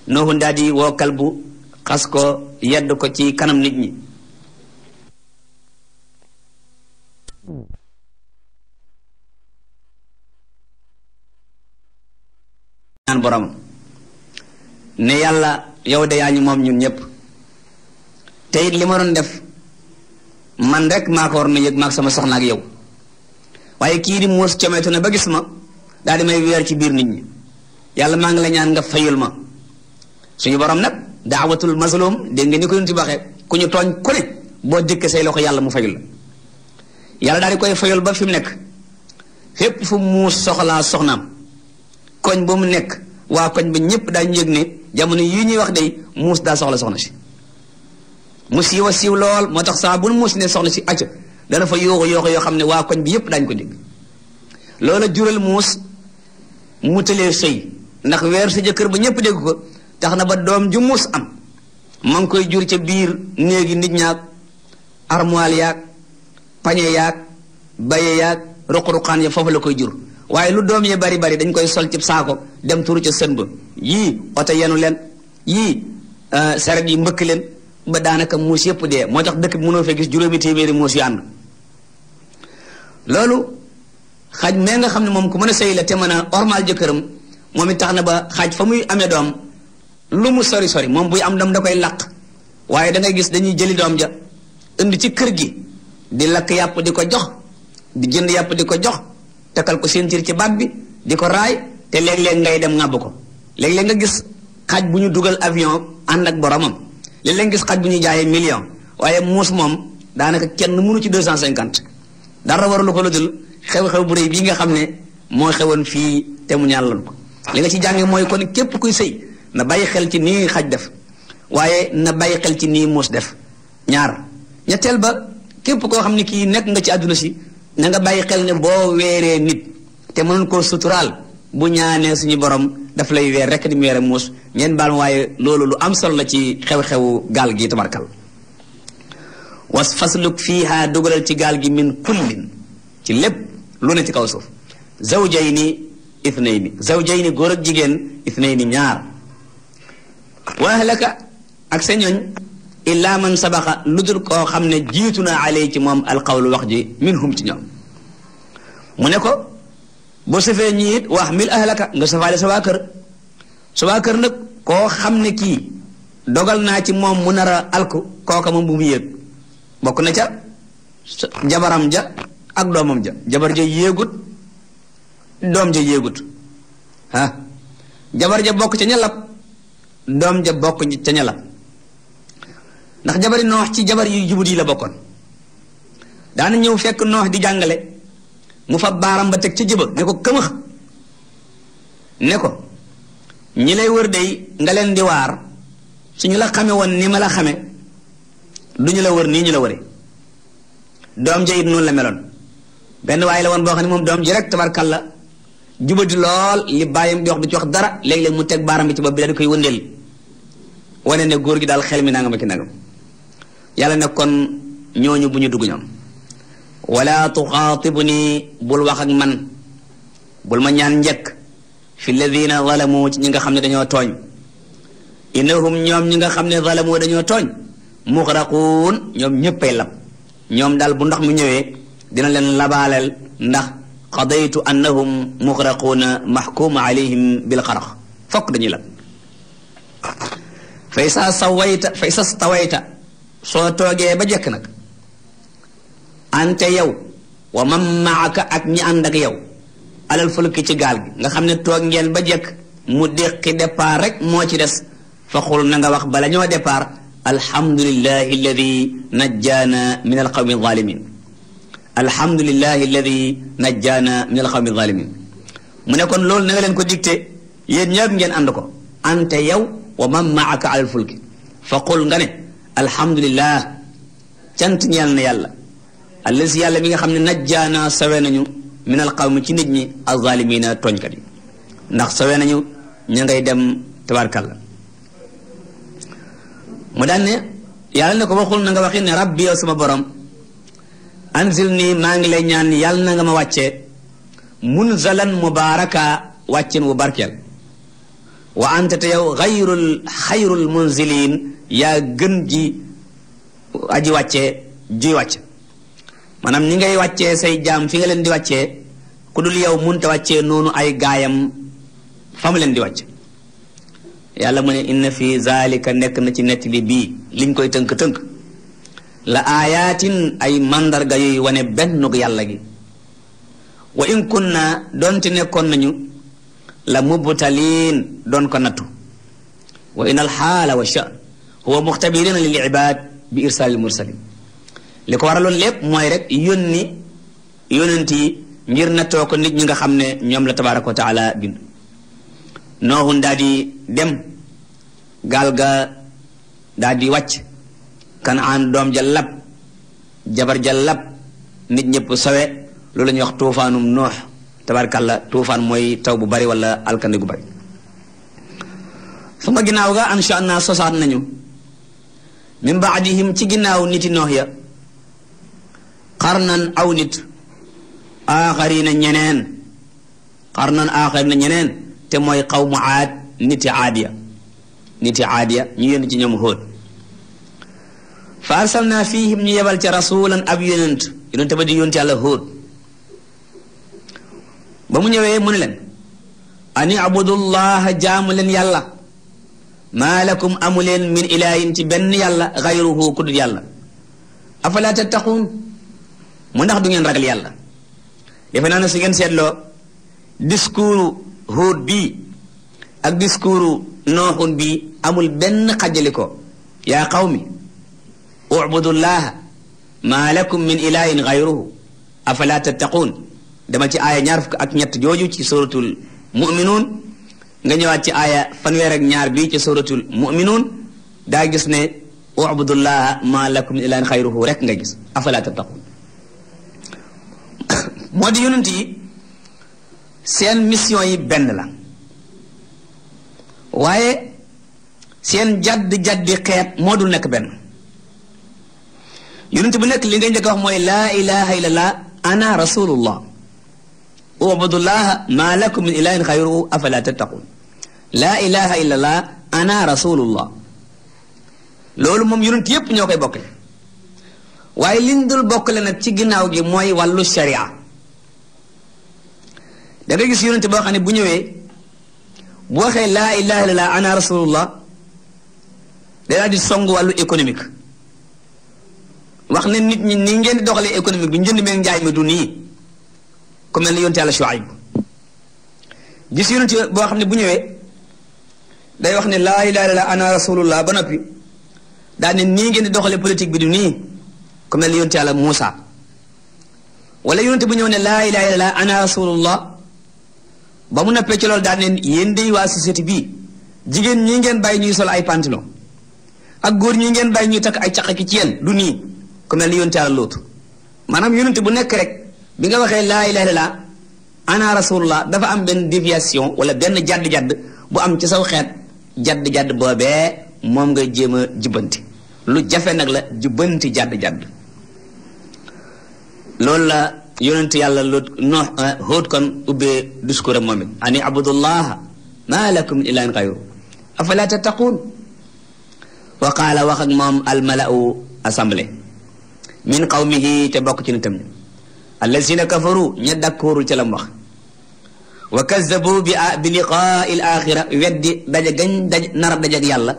nooxun daal di woo kalbu xas ko yedd ko ci kanam nit ñi ñaan boromam ne yàlla yow de yaa ñu moom ñun ñëpp te it li ma doon def man rek maa ko na yëg maag sama soxna yow waaye kii di muus comeetu na ba gis ma daal di may weer ci biir nit ñi yàlla maa ngi la ñaan nga fayul ma suñu borom nag daawatul mazlum dégg nga ni ko ñu ci waxee ku ñu tooñ ku boo dëkk say loxo yàlla mu fayul yàlla daal di koy fayul ba fi nekk fépp fu muus soxlaa soxnaam koñ ba mu nekk waa koñ ba ñëpp daañu yëg ne jamono yii ñuy wax day muus daa soxla soxna si mu siiw a siiw lool moo tax saa bu muus ne soxna si acca dana fa yooxu yooxu yoo xam ne waa koñ bi yëpp daañu ko dégg loola jural muus mu tëlee sëy ndax weer sa jëkkër ba ñëpp dégg ko tax na ba doom ju muus am ma ngi koy jur ca biir néegi nit ñaag armoire yaag pañe yaag baye yaag ruq-ruqaan ya foofu la koy jur waaye lu doom yi bari bari dañ koy sol cib saako dem turu ca sën ba yii oto yenu leen yii euh, saret yi mbëkk leen ba daanaka muus yëpp dee moo tax dëkk bi mënoo fee gis juróomi téeméeri muus yu loolu xaj mee nga xam ne moom ku mën a sëy te mën a ormal jëkkëram moom it na ba xaj fa muy amee doom lu mu sori sori moom buy am dam da koy làq waaye da ngay gis dañuy jëli doom ja indi ci kër gi di lakk yàpp di ko jox di jënd yàpp di ko jox takkal ko ceinture ci baat bi di ko raay te léeg-léeg ngay dem ŋàbb ko léeg-léeg nga gis xaj bu ñu dugal avion ànd ak boromam léeg-léeg gis xaj bu ñu jaayee million waaye muus moom daanaka kenn mënu ci deux cent cinquante dara waralu ko lu dul xew-xew bu rëy bii nga xam ne moo xewoon fii te mu ñàlloon ko li nga ci jànge mooy kon képp kuy sëy na bàyyi xel ci nii xaj def waaye na bàyyi xel ci nii muus def ñaar ñetteel ba képp koo xam ne kii nekk nga ci àdduna si na nga bàyyi xel ne boo weeree nit te mënoon koo suturaal bu ñaanee suñu borom daf lay weer rek ni mu weere muus ñeen baal waaye loolu lu am solo la ci xew xew gaal gi tabarkal was fasluk fiiha dugalal ci gaal gi min kullin ci lépp lu ne ci kaw suuf ni zawjayni ithnayni zawjayni góor ak jigéen ithnayni ñaar wa ahlaka ak sa illaa sabaxa lu dul koo xam ne jiitu naa alay ci moom alqawlu wax ji minhum ci ñoom mu ne ko boo safee ñi it wax mil ahlaka nga safaale sa waa kër sa nag koo xam ne kii dogal naa ci moom mu nar a alku kooka bu mu yéeg bokk na ca jabaram ja ak doomam ja jabar ja yéegut doom ja yéegut ah jabar ja bokk ca ña lab doom ja bokk ca ña lab ndax jabari noox ci jabar yu jubut yi la bokkoon daana ñëw fekk noox di jàngale mu fa baaram ba teg ca jëba ne ko këmax ne ko ñi lay wër dey nga leen di waar su ñu la xame woon ni ma la xame du ñu la wër nii ñu la wëre doom ja it noonu la meloon benn waaye la woon boo xam ne moom doom ji rek tabarkalla jubati lool li bàyyam di wax du ci wax dara léeg-léeg mu teg baaram bi ci bopp bi da di koy wëndeel wane ne góor gi daal xel mi nangam ak nangam yàlla na kon ñooñu bu ñu dugg ñoom wala tuxaatibni bul wax ak man bul ma ñaan njëkk fi lladina zalamu ci ñi nga xam ne dañoo tooñ innahum ñoom ñi nga xam ne zalamu dañoo tooñ muxraquun ñoom ñëppay lab ñoom daal bu ndox mi ñëwee dina leen labaaleel ndax qadaytu annahum muxraquuna maxkum alayhim bil xarax fokk dañuy lab fa isa sawayta fa isa stawayta soo toogee ba jekk nag ante yow wa man maaka ak ñi ànd ak yow alal fulki ci gaal gi nga xam ne toog ngeen ba jekk mu déqi départ rek moo ci des fa xul na nga wax bala ñoo départ alhamdulillahi alladi najjaana min alqawmi alzalimin alhamdulillahi alladi najjaana min alqawmi alzalimin mu ne kon loolu na nga leen ko digte yéen ñëpp ngeen ànd ko ante yow wa man maaka alal fulki fa qul nga ne alhamdulilah cant ñeel na yàlla allazi yàlla mi nga xam ne najjaana sawe nañu min al qawmi ci nit ñi azalimina tooñkat yi ndax sawe nañu ña ngay dem tabarkalla mu daan ne yàlla ne ko waxul na nga waxi ne rabbi yow sama borom anzil nii maa ngi lay ñaan yàlla na nga ma wàccee munzalan mubaraka wàccin wu barkeel wa anta te yow xayrul xayrul munzilin yaa gën ji aji wàccee juy wàcc maanaam ni ngay wàccee say jaam fi nga leen di wàccee ku dul yow munta wàccee noonu ay gaayam fa leen di wàcc yàlla mu ne inna fi zalika nekk na ci nettali bii liñ koy tënk-tënk la aayaatin ay mandarga yuy wane bennug yàlla gi wa in doon doonte nekkoon nañu la mubtaliin doon ko nattu wa in al wa sha huwa muxtabirina lil ibaad bi irsalil mursalin li ko waraloon lépp mooy rek yónni yónent yi ngir nattoo ko nit ñi nga xam ne ñoom la tabaaraka wa taala bind noohun daal di dem gaal ga daal di wàcc kanaan doom ja lab jabar ja lab nit ñëpp sowe loolu la ñuy wax tuufaanum noox tabarkàlla tuufaan mooy taw bu bari wala alkande gu bari sama ginnaaw ga insha allah nañu min baadihim ci ginnaaw niti noox ya aw nit aaxarina ñeneen xarnan aaxarina ñeneen te mooy xawmu aad niti aadiya niti aadiya ñu yónni ci ñoom xóot fa arsalna fihim ñu yebal ca rasulan ab yonent yonent ba di yónni yàlla xóot ba mu ñëwee mu ne leen ani abudullaha jaamu leen yàlla maa lakum amuleen min ilaahin ci benn yàlla xayruhu ku dul yàlla afala tattaquun mu ndax du ngeen ragal yàlla defe naa ne su ngeen seetloo discours Huud bii ak discours Nooxun bii amul benn xajali ko yaa qawmi ubudullaha maa lakum min ilaahin xayruhu afala tattaquun dama ci aaya ñaar fukk ak ñett jooju ci suratul muminuun nga ñëwaat ci aaya fanweer ak ñaar bii ci suratul muminuun daa gis ne ubudullaha ma lakum min ilahin xayruhu rek nga gis afala tattaqun moo di yonent seen mission yi benn la waaye seen jadd-jaddi xeet moo dul nekk benn yonent bu nekk li ngay njëkk wax mooy laa ilaha illallah ana rasulullah ubudullaha ma lakum min ilahin xayruhu afala tattaqun laa ilaha illa ana rasulullah loolu moom yonent yépp ñoo koy bokkale waaye liñ dul bokkale nag ci ginnaaw gi mooy wàllu sharia da nga gis yonent boo xam ne bu ñëwee bu waxee la ilaha illa allah ana rasulullah day daal di song wàllu économique wax ne nit ñi ni ngeen di doxalee économique bi njënd meeg njaay mi nii ku mel ne yonent yàlla gis yonent boo xam ne bu ñëwee day wax ne laa ilaaha illallaah ana rasulullah ba noppi daal ne nii ngeen di doxalee politique bi nii ku mel ne yonent yàlla wala yonent bu ñëw ne laa ilaaha illallaah ana rasulullah ba mu noppee ci loolu daal yéen day waa société jigéen ñi ngeen bàyyi ñuy sol ay pantalon ak góor ñi ngeen bàyyi ñuy takk ay caq ki ci yéen du nii ku mel ne yonent yàlla maanaam yonent bu nekk rek. bi nga waxee laa ilaha illallah ana dafa am benn déviation wala benn jadd-jadd bu am ci saw xeet jadd-jadd boobee moom nga jéem a jubbanti lu jafe nag la jubbanti jadd-jadd loolu la yonent yàlla loot no xóot kon ubbee discours am moom it ani abudullah ma lakum ilahin xayru afala tattaquun wa qaala wax moom almala'u assemblée min qawmihi te bokk ci na nitam allazina kafaru ña d'accooru ca lam wax wa kazzabu bi bi liqaai l axira weddi daja gañ daj nara dajak yàlla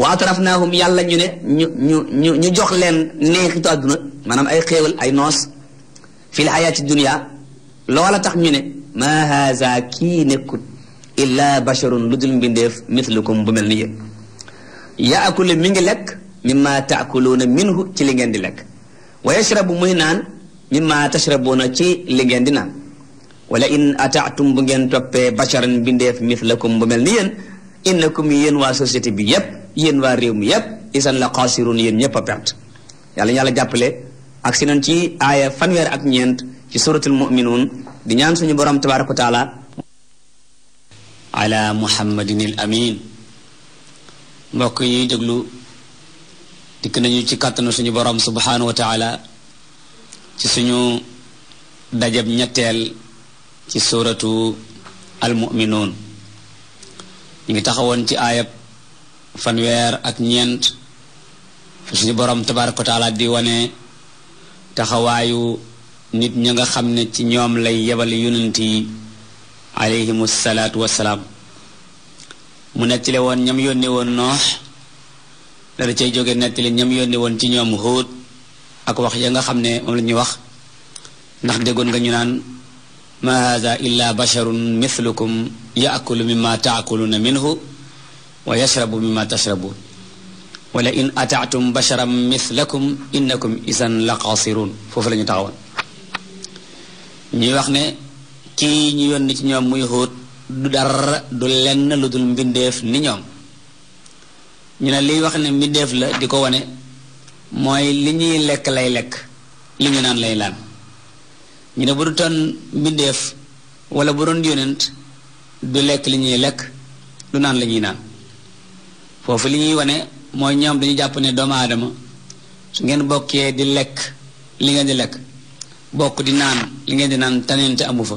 wa atrafnaahum yàlla ñu ne ñu ñu ñu ñu jox leen neexitu àdduna maanaam ay xéewal ay noos fi l xayaati dunia loola tax ñu ne maa haza kii nekkut illa basharun lu dul mbindeef mithlukum bu mel ni yéen yaakulu mi ngi lekk mimma taakuluuna minhu ci li ngeen di lekk wa yashrabu muy naan mimma tashrabuuna ci li ngeen di wala in ataatum bu ngeen toppee basharan bindeef mithlakum bu mel ni yéen innakum yéen waa société bi yépp yéen waa réew mi yépp isan la xaasiruun yéen ñépp a pert yàlla ñu jàppale ak si nañ ci aaya ak ñeent ci suratul muminuun di ñaan suñu borom tabaraka wa taala muhammadin amin mbokk yi déglu dikk nañu ci kàttanu suñu borom subhanahu wa taala ci suñu dajab ñetteel ci suratu almuminuun ñu ngi taxawoon ci aayab fanweer ak ñeent suñu boroom tabaraka wa di wane taxawaayu nit ña nga xam ne ci ñoom lay yebal yu yi alayhimu wasalaam mu nettali woon ñam yónni woon noox dara cay jóge nettali ñam yónni ci ñoom Huud ak wax ya nga xam ne moom la ñuy wax ndax déggoon nga ñu naan ma haza illa basharun mithlukum yaakulu mimma taakuluna minhu wa yashrabu tashrabun wala in ataatum basharan mithlakum innakum isan la qasirun foofu la ñu taxawoon ñuy wax ne kii ñu yónni ci ñoom muy xóot du dara du lenn lu mbindeef ni ñoom ñu ne liy wax ne mbindeef la di ko wane mooy li ñuy lekk lay lekk li ñu naan lay laan ñu ne bu du toon mbindeef wala bu doon yonent du lekk li ñuy lekk du naan la ñuy naan foofu li ñuy wane mooy ñoom dañu jàpp ne doomu aadama su ngeen bokkee di lekk li ngeen di lekk bokk di naan li ngeen di naan tanente amu fa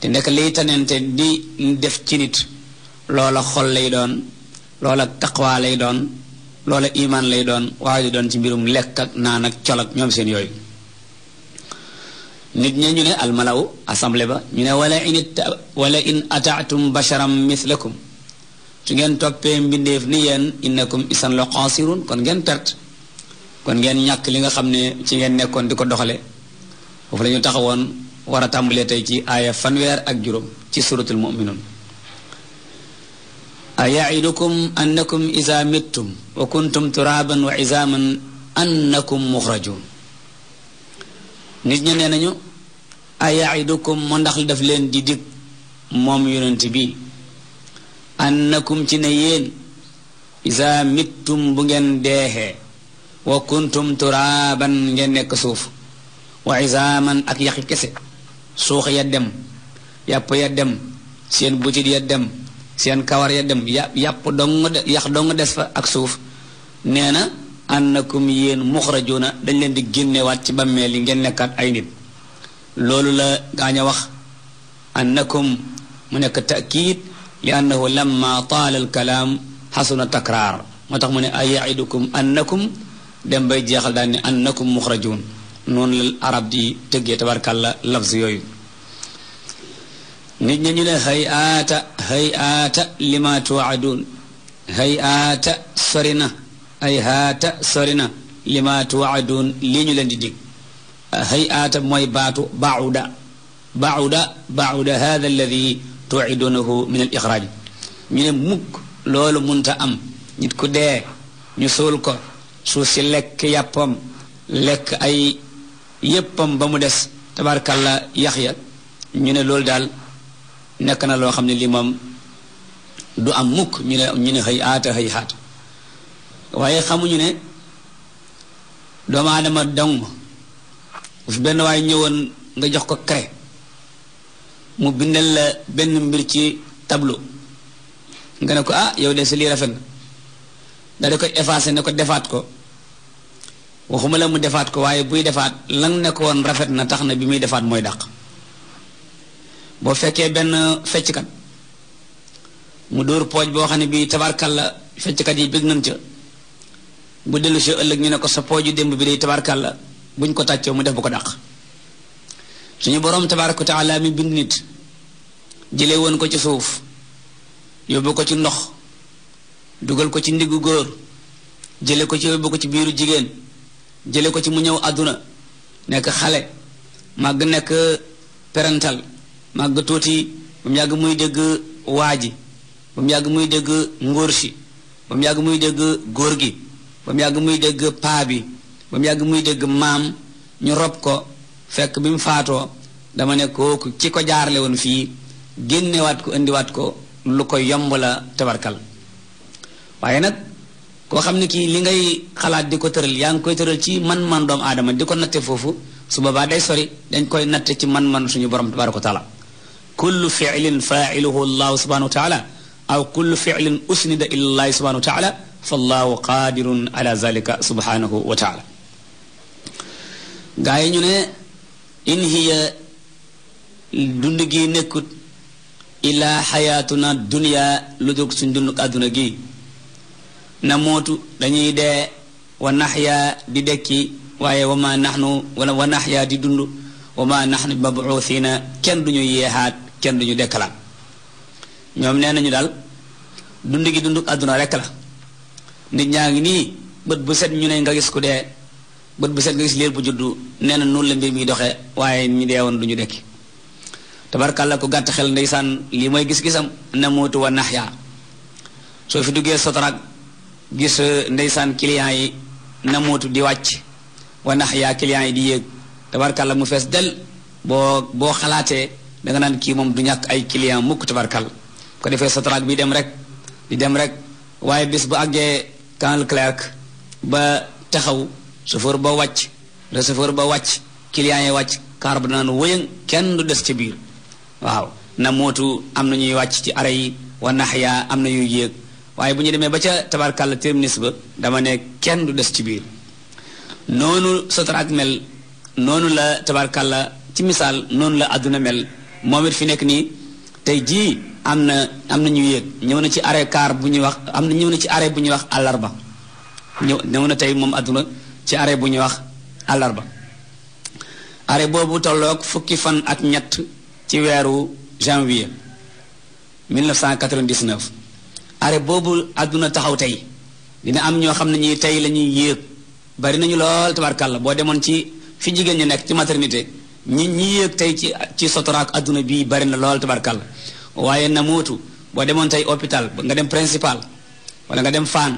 te ndekk liy tanente di def ci nit loola xol lay doon loola taqwa lay doon loola imaan lay doon waaye doon ci mbirum lekk ak naan ak col ñoom seen yooyu nit ña ñu ne almalaw assemblée ba ñu ne wala in wala in ataatum basharam mislakum su ngeen toppee mbindeef ni yéen innakum isan la xaasirun kon ngeen perte kon ngeen ñàkk li nga xam ne ci ngeen nekkoon di ko doxale foofu la ñu taxawoon war a tàmbalee tey ci aaya fanweer ak juróom ci suratul muminun ayacidukum annakum ida mittum wa kuntum turaaban wa izaaman annakum muxrajuun nit ñi nee nañu ayacidukum mu ndax daf leen di dig moom yonent bi annakum ci ne yéen ida mittum bu ngeen deexee wa kuntum turaaban ngeen nekk suuf wa izaaman ak yaxi kese suux ya dem yàpp ya dem seen butit ya dem seen kawar ya dem ya yàpp dong de yax dong des fa ak suuf nee na annakum yéen muxrajuuna dañ leen di génnewaat ci bàmmeel yi ngeen nekkaat ay nit loolu la gaañ a wax annakum mu nekk takiid li annahu lamma taala alkalaam xasuna takraar moo tax mu ne a yaidukum annakum dem bay jeexal daal ne annakum muxrajuun noonu la arab di tëggee tabarkàlla lafz yooyu nit ñi ñu ne hay aata aata lima tuwaadun hay aata sori na ay haata sori na lima tuwaadun lii ñu leen di dig hay aata mooy baatu baawuda baawuda baawuda hada alladi tuwidunahu min al ixraaj ñu ne mukk loolu munta am nit ku dee ñu suul ko suuf si lekk yàppam lekk ay yéppam ba mu des tabarkalla yaxya ñu ne loolu daal nekk na loo xam ne lii moom du am mukk ñu ne ñu ne xëy aata waaye xamuñu ne doomu aadama dong ma bu fi benn waaye ñëwoon nga jox ko craie mu bindal la benn mbir ci tableau nga ne ko ah yow de si lii rafet na da koy effacé ne ko defaat ko waxuma la mu defaat ko waaye buy defaat lan nekk woon rafet na tax na bi muy defaat mooy dàq boo fekkee benn fecckat mu dóor pooj boo xam ne bii tabarkalla fecckat yi bëgg nañ ca bu dellu si ëllëg ñu ne ko sa pooj yu démb bi day tabarkalla buñ ko tàccee mu def bu ko dàq ñu boroom tabaraka wa taala mi bind nit jëlee woon ko ci suuf yóbbu ko ci ndox dugal ko ci ndiggu góor jële ko ci yóbbu ko ci biiru jigéen jële ko ci mu ñëw àdduna nekk xale màgg nekk perental màgg tuuti ba mu yàgg muy dégg waa ji ba mu yàgg muy dégg ngóor si ba muy dégg góor gi ba mu yàgg muy dégg paa bi ba mu yàgg muy dégg maam ñu rob ko fekk bi mu faatoo dama ne kooku ci ko jaarle woon fii génnewaat ko indiwaat ko lu ko yomb la tabarkal waaye nag koo xam ne kii li ngay xalaat di ko tëral yaa ngi koy tëral ci man-man doomu aadama di ko natte foofu su boobaa day sori dañ koy natte ci man-man suñu borom tabaraka taala kullu ficlin faaciluhu allahu subhanahu wa aw kullu ficlin usnida ila allahi subhanahu wa taala fa allahu qaadirun ala zalika ne in hiya dund gi nekkut ilaa xayaatuna dunya lu dul suñ dund àdduna gi na mootu dañuy dee wa naxyaa di dekki wa ma naxnu wa naxyaa di dund wa ma naxnu bi mabuuthiina kenn duñu yeexaat kenn duñu la ñoom nee nañu daal dund gi dund àdduna rekk la nit ñaa ngi nii bët bu set ñu ne nga gis ku dee bët bu set nga gis liir bu juddu nee na noonu la mbir mi doxe waaye ñu dee woon duñu dekki tabarkàlla ku gàtt xel ndeysaan lii mooy gis-gisam namuutu wa naxyaa soo fi duggee sotarak gis euh, ndeysaan clients yi namuutu di wàcc wa naxyaa clients yi di yéeg tabarkàlla mu fees del boo boo xalaatee danga naan kii moom du ñàkk ay client mukk tabarkal ko defee sotraak bi dem rek di dem rek waaye bis bu àggee Camp Leclerc ba taxaw chauffeur ba wàcc receveur ba wàcc client yi wàcc kaar ba naan wëyëng kenn du des ci biir waaw na mootu am na ñuy wàcc ci are yi am na ñuy yéeg waaye bu ñu demee ba ca tabarkàlla terminus ba dama ne kenn du des ci biir noonu sotraak mel noonu la tabarkàlla ci misaal noonu la àdduna mel moom it fi nekk nii tey jii am na am na ñu yéeg ñëw na ci arrêt car bu ñuy wax am na ñëw na ci arrêt bu ñuy wax àllarba ñëw ñëw na tey moom àdduna ci arrêt bu ñuy wax àllarba arrêt boobu tollook fukki fan ak ñett ci weeru cent janvier 1999 arrêt boobu àdduna taxaw tey dina am ñoo xam ne ñii tey la ñuy yéeg bari nañu lool tabarkàlla boo demoon ci fi jigéen ñi nekk ci maternité ñi ñi yéeg tey ci ci sotoraak adduna bii bari na lool tabarkal waaye na mootu boo demoon tey hôpital nga dem principal wala nga dem Fann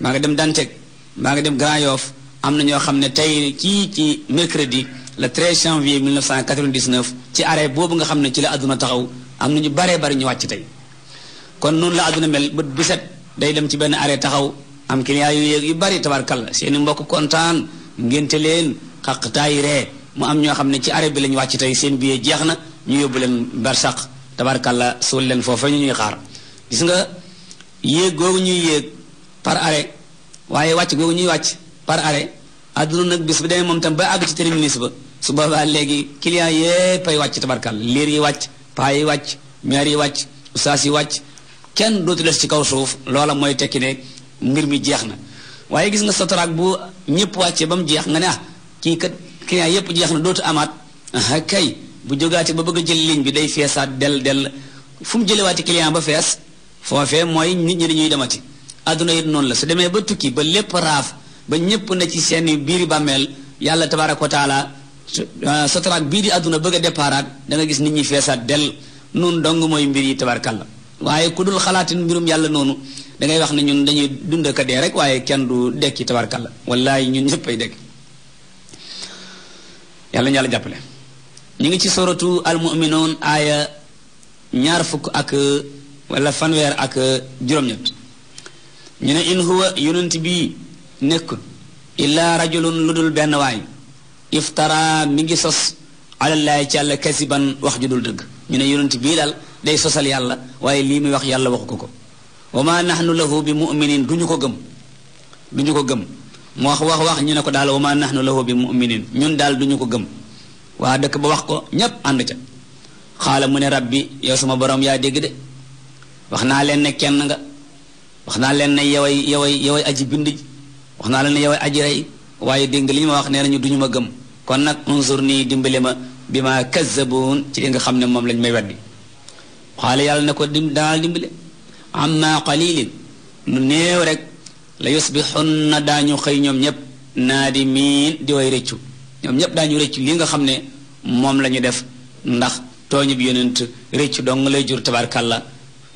maa ngi dem Dantec maa ngi dem Grand Yoff am na ñoo xam ne tey kii ci mercredi le 13 janvier 1999 ci arrêt boobu nga xam ne ci la adduna taxaw am na ñu baree bari ñu wàcc tey kon noonu la adduna mel bët bu set day dem ci benn arrêt taxaw am client yu yéeg yu bari tabarkal seeni mbokk kontaan ngénte leen xaq mu am ñoo xam ne ci arrêt bi lañu wàcc tey seen billet jeex na ñu yóbbu leen barsaq la suul leen foofa ñu ñuy xaar gis nga yéeg googu ñuy yéeg par arrêt waaye wàcc googu ñuy wàcc par arrêt àdduna nag bis bi demee moom tam ba àgg ci terminus ba su boobaa léegi client yépp ay wàcc tabarkàlla liir yi wàcc paa yi wàcc meer yi wàcc ustaas yi wàcc kenn dootu des ci kaw suuf loola mooy tekki ne mbir mi jeex na waaye gis nga sotoraak bu ñëpp wàccee ba mu jeex nga ne ah client yépp jeex na dootu amaat kay bu jógaati ba bëgg a jël ligne bi day feesaat del del fu mu jëlewaati client ba fees foofee mooy nit ñi dañuy demati àdduna it noonu la su demee ba tukki ba lépp raaf ba ñépp na ci seeni biir bàmmeel yàlla tabaaraka wa taala sotraak ah, bii di àdduna bëgg a départaat da gis nit ñi feesaat del noonu dong mooy mbir yi tabarkalla waaye ku dul xalaatin mbirum yàlla noonu da ngay wax ne ñun dañuy dund ak dee rek waaye kenn du dekki tabarkalla wallaay ñun ñëppay dekk yàlla ñu yàlla jàppale ñu ngi ci soratu almuminuun aaya ñaar fukk ak wala fanweer ak juróom-ñett ñu ne in huwa yonent bi nekkul illaa rajulun lu dul benn waay iftara mi ngi sos alallaay ci yàlla kasiban wax ju dul dëgg ñu ne yonent bii daal day sosal yàlla waaye lii muy wax yàlla waxu ko ko wa lahu bi muminin du ko gëm du ko gëm mu wax wax wax ñu ne ko daal wa ma nahnu lahu bi muminin ñun daal duñu ko gëm waa dëkk ba wax ko ñépp ànd ca xaala mu ne rabbi yow sama boroom yaa dégg de wax naa leen ne kenn nga wax naa leen ne yoway yoway yoway aji bind ji wax naa leen ne aji rey waaye dégg nga li ñu ma wax nee nañu duñu ma gëm kon nag unsur nii dimbali ma bi ma kazzabun ci li nga xam ne moom lañ may weddi xaala yàlla ne ko dim daal dimbale amma qalilin nu néew rek la na daañu xëy ñoom ñëpp naadimiin di way rëccu ñoom ñëpp daañu rëccu li nga xam ne moom la def ndax tooñu bi yonent rëccu dong lay jur tabarkàlla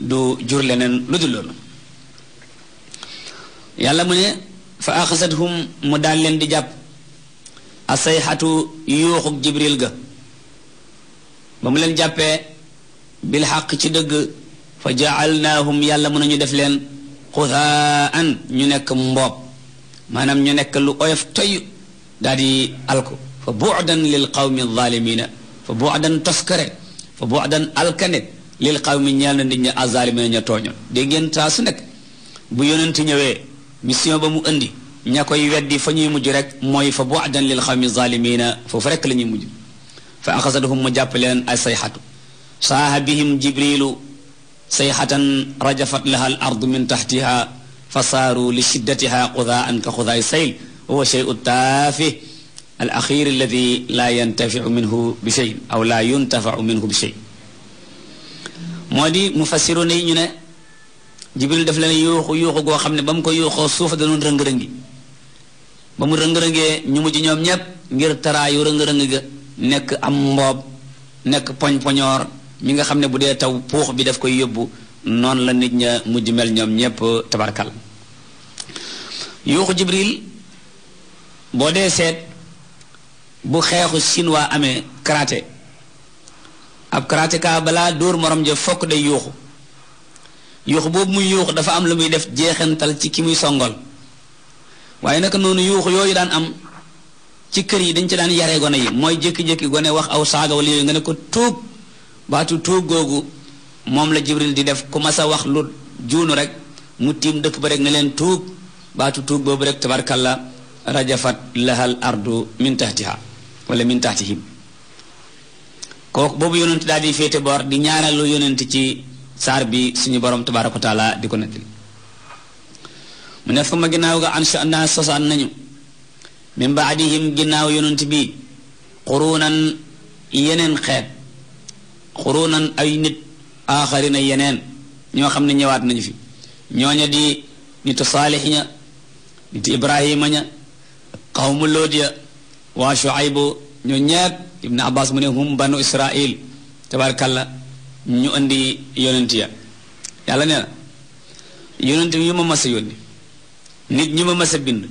du jur leneen lu dul loolu yàlla mu ne fa axasathum mu daal leen di jàpp asayxatu yuuxuk jibril ga ba mu leen jàppee bil xaq ci dëgg fa jaalnaahum yàlla mu nañu def leen xusaan ñu nekk mboob maanaam ñu nekk lu oyof toy daal di alku fa bu'dan lil qawmi zalimina fa bu'dan toskare fa bu'dan alkane lil qawmi ñeel na nit ña azalimina ña tooñoon dégg ngeen saa su nekk bu yonent ñëwee mission ba mu indi ña koy weddi fa ñuy mujj rek mooy fa bu'dan lil qawmi zalimina foofu rek la ñuy mujj fa axasadahum mu jàpp leen ay sayxatu saaha bihim jibrilu sayxatan rajafat laha al ardu min taxtiha fa saaru li shiddatiha qudaan ka xudaay sayl huwa cheyu taafi al axir alladi minhu bi chey aw laa yuntafau minhu bi chey moo di mufassiroon yi ñu ne jibril daf la yuuxu yuuxu goo xam ne ba mu ko yuuxoo suuf danoon rëng-rëngi ba mu rëng-rëngee ñu mujj ñoom ñépp ngir taraayu rëng-rëng nekk am nekk poñ mi nga xam ne bu dee taw puux bi daf koy yóbbu noonu la nit ña mujj mel ñoom ñépp tabarkal yuuxu jibril boo dee seet bu xeexu sinwaa amee karaté ab karaté ka balaa dóor morom ja fokk day yuuxu yuuxu boobu muy yuuxu dafa am lu muy def jeexantal ci ki muy songol waaye naka noonu yuuxu yooyu daan am ci kër yi dañ ci daan yaree gone yi mooy jékki-jékki gone wax aw saaga wala yooyu nga ne ko tuub baatu tuub googu moom la jibril di def ku mas a wax lu juunu rek mu tiim dëkk ba rek ne leen tuub baatu tuub boobu rek tabarkalla rajafat lahal ardu min tahtiha wala min tahtihim kooku boobu yonent daal di féete boor di ñaareelu yonent ci saar bi suñu borom tabaraka taala di ko nettali mu ne suma ginnaaw ga ansha naa sosaan nañu min baadihim ginnaaw yonent bi qurunan yeneen xeet xurunan ay nit aaxarina yeneen ñoo xam ne ñëwaat nañu fi ñooña di nitu saalix ña nitu ña qawmu lood ya waa shuaybu ñu ñeet ibnu abbas mu ne hum banu israil tabarkalla ñu indi yonent ya yàlla nee ma mas a nit ñu ma mas bind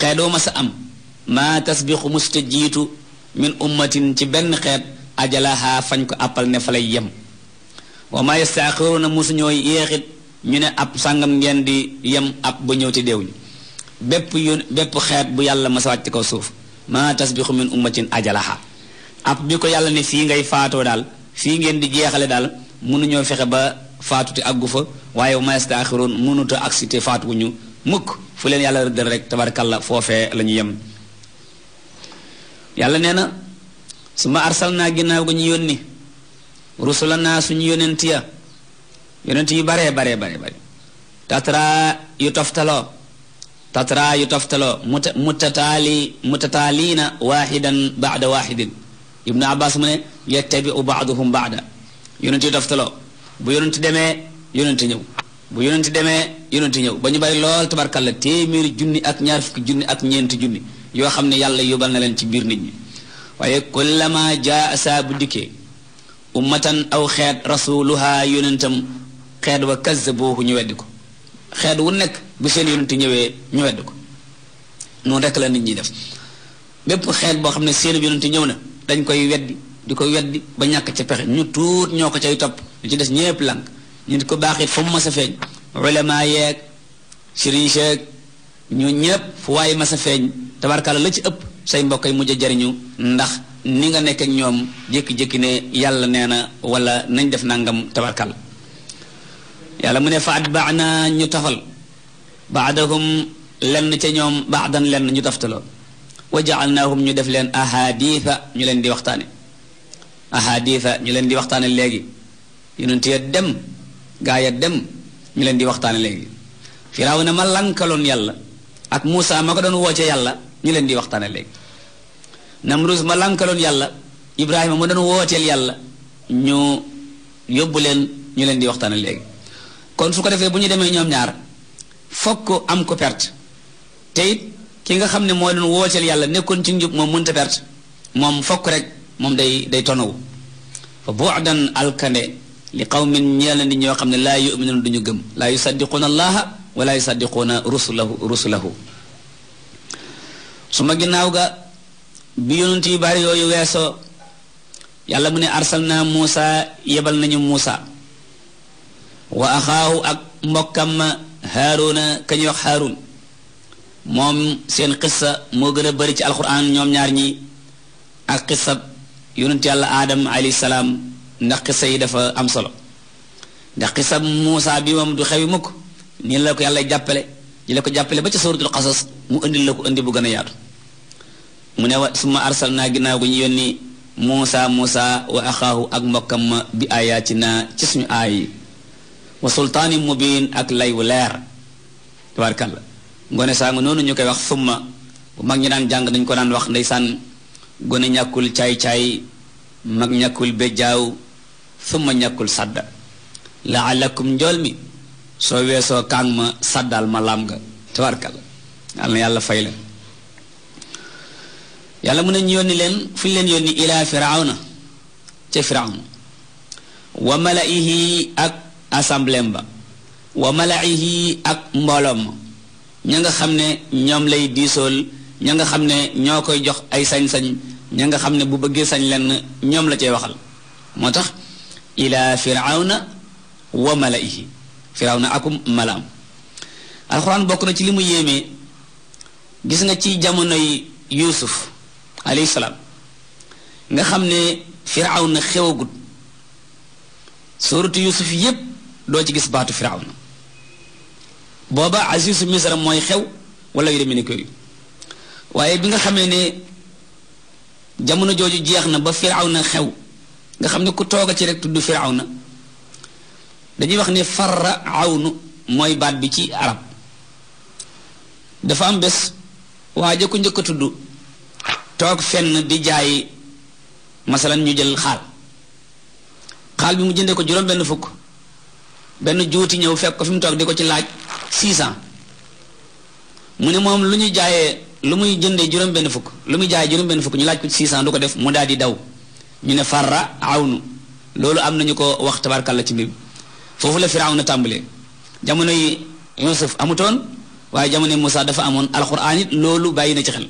xeetoo mas a am maa tasbiqu musta jiitu min ummatin ci benn xeet ajalaha fañ ko àppal ne fa lay yem wa ma yastaaxiruuna mosuñoo yéexit ñu ne ab sàngam ngeen di yem ab bu ñëw ci déewñu bépp yu bépp xeet bu yàlla masa wàcc ko suuf ma tasbixu min ummatin ajalaha ab bi ko yàlla ne fii ngay faatoo daal fii ngeen di jeexale daal mënuñoo fexe ba faatuti te àggu fa waaye wa ma yastaaxiruun mënuta agsi te faatuwuñu mukk fu leen yàlla rëddal rek tabarkalla foofee la ñu yem yàlla nee su ma arsal naa ginnaaw ga ñu yónni rusula naa suñu yónent ya yónent yu baree baree bare bare tatra yu toftaloo tatra yu toftaloo mutataali mutataaliina waaxidan baada waaxidin ibnu abbas mu ne yattabiu baaduhum baada yónent yu toftaloo bu yónent demee ti ñëw bu yónent demee ti ñëw ba ñu bari lool tabarkalla téeméeri junni ak ñaar fukki junni ak ñeenti junni yoo xam ne yàlla yóbbal na leen ci biir nit ñi waaye kullama jaa saa bu dikkee ummatan aw xeet rasuluha yonentam xeet wa kazzabuhu ñu weddi ko xeet wu nekk bu seen yonent ñëwee ñu weddi ko noonu rek la nit ñi def bépp xeet boo xam ne seen yonent ñëw na dañ koy weddi di ko weddi ba ñàkk ca pexe ñu tuut ñoo ko cay topp ñu ci des ñépp lànk nit ko baax it fu mu mas a feeñ ulama yeeg sëriñ seeg ñu fu waaye mas a feeñ tabarkaala la ci ëpp say mbokk yi mujj a jariñu ndax ni nga nekk ak ñoom jékki-jékki ne yàlla nee na wala nañ def nangam tabarkal yàlla mu ne fa na ñu tofal baadahum lenn ca ñoom baadan lenn ñu toftaloo wa jaalnaahum ñu def leen ahadiitha ñu leen di waxtaane ahadiitha ñu leen di waxtaane léegi yonent ya dem gaa ya dem ñu leen di waxtaane léegi firawna ma lankaloon yàlla ak Muusa ma ko doon woo ca yàlla ñu leen di waxtaane léegi Namrus ma lànkaloon yàlla Ibrahima ma doon wooteel yàlla ñu yóbbu leen ñu leen di waxtaane léegi kon su ko defee bu ñu demee ñoom ñaar fokk am ko perte te it ki nga xam ne moo doon wooteel yàlla nekkoon ci njub moom mënta perte moom fokk rek moom day day tonawu fa bu'dan alkande li qawmin ñeela nit ñoo xam ne laa yu'minuun duñu gëm laa yusaddiquuna allaha wala yusaddiquuna rusulahu rusulahu su ma ginnaaw ga bi yonent yu bari yooyu weesoo yàlla mu ne arsal naa muusa yebal nañu muusa wa axaahu ak mbokkam haaruna ka ñuy wax moom seen xissa moo gën a bari ci alxuraan ñoom ñaar ñi ak xissa yonent yàlla aadam alayhi salaam ndax xissa yi dafa am solo ndax xissa muusa bi moom du xewi mukk nii la ko yàlla jàppale di la ko jàppale ba ci suratul xasas mu indi la ko indi bu gën a yaatu mu ne wa suma arsal naa ginnaaw gu ñu yónni muusa muusa wa axaahu ak mbokkam ma bi ayaatina ci suñu aay wa sultaani mubiin ak lay wu leer tabaarkalla ngone saa nga noonu ñu koy wax summa bu mag ñi daan jàng dañ ko daan wax ndeysaan gone ñàkkul caay-caay mag ñàkkul béjjaaw summa ñàkkul sadda la alakum njool mi soo weesoo kaang ma sàddaal ma laam nga tabaarkalla yàlla yàlla fay la yàlla mu ne ñu yónni leen fu ñu leen yónni ilaa firawna ca firawn wa malaihi ak assemblem ba wa malaihi ak mbooloom ña nga xam ne ñoom lay diisool ña nga xam ne ñoo koy jox ay sañ-sañ ña nga xam ne bu bëggee sañ leen ñoom la cay waxal moo tax ilaa firawna wa malaihi firawna akum malaam alxuraan bokk na ci li mu yéeme gis nga ci jamonoy yuusuf alayhi salaam nga xam ne firaaw na xewagut sóoratu yusuf yépp doo ci gis baatu firaaw na booba azizu misra mooy xew wala yu demee ne yi waaye bi nga xamee ne jamono jooju jeex na ba firaaw na xew nga xam ne ku tooga ci rek tudd firaaw na dañuy wax ne farra awnu mooy baat bi ci arab dafa am bés waa ja ku tudd toog fenn di jaay masalan ñu jël xaal xaal bi mu jëndee ko juróom benn fukk benn juuti ñëw fekk ko fi mu toog di ko ci laaj six mu ne moom lu ñuy jaayee lu muy jëndee juróom benn fukk lu muy jaayee juróom benn fukk ñu laaj ko six du ko def mu daal di daw ñu ne farra awnu loolu am nañu ko wax tabarkalla ci mbir foofu la firaw na tàmbalee jamono yi Yusuf amutoon waaye jamono yi dafa amoon alxuraan it loolu bàyyi na ci xel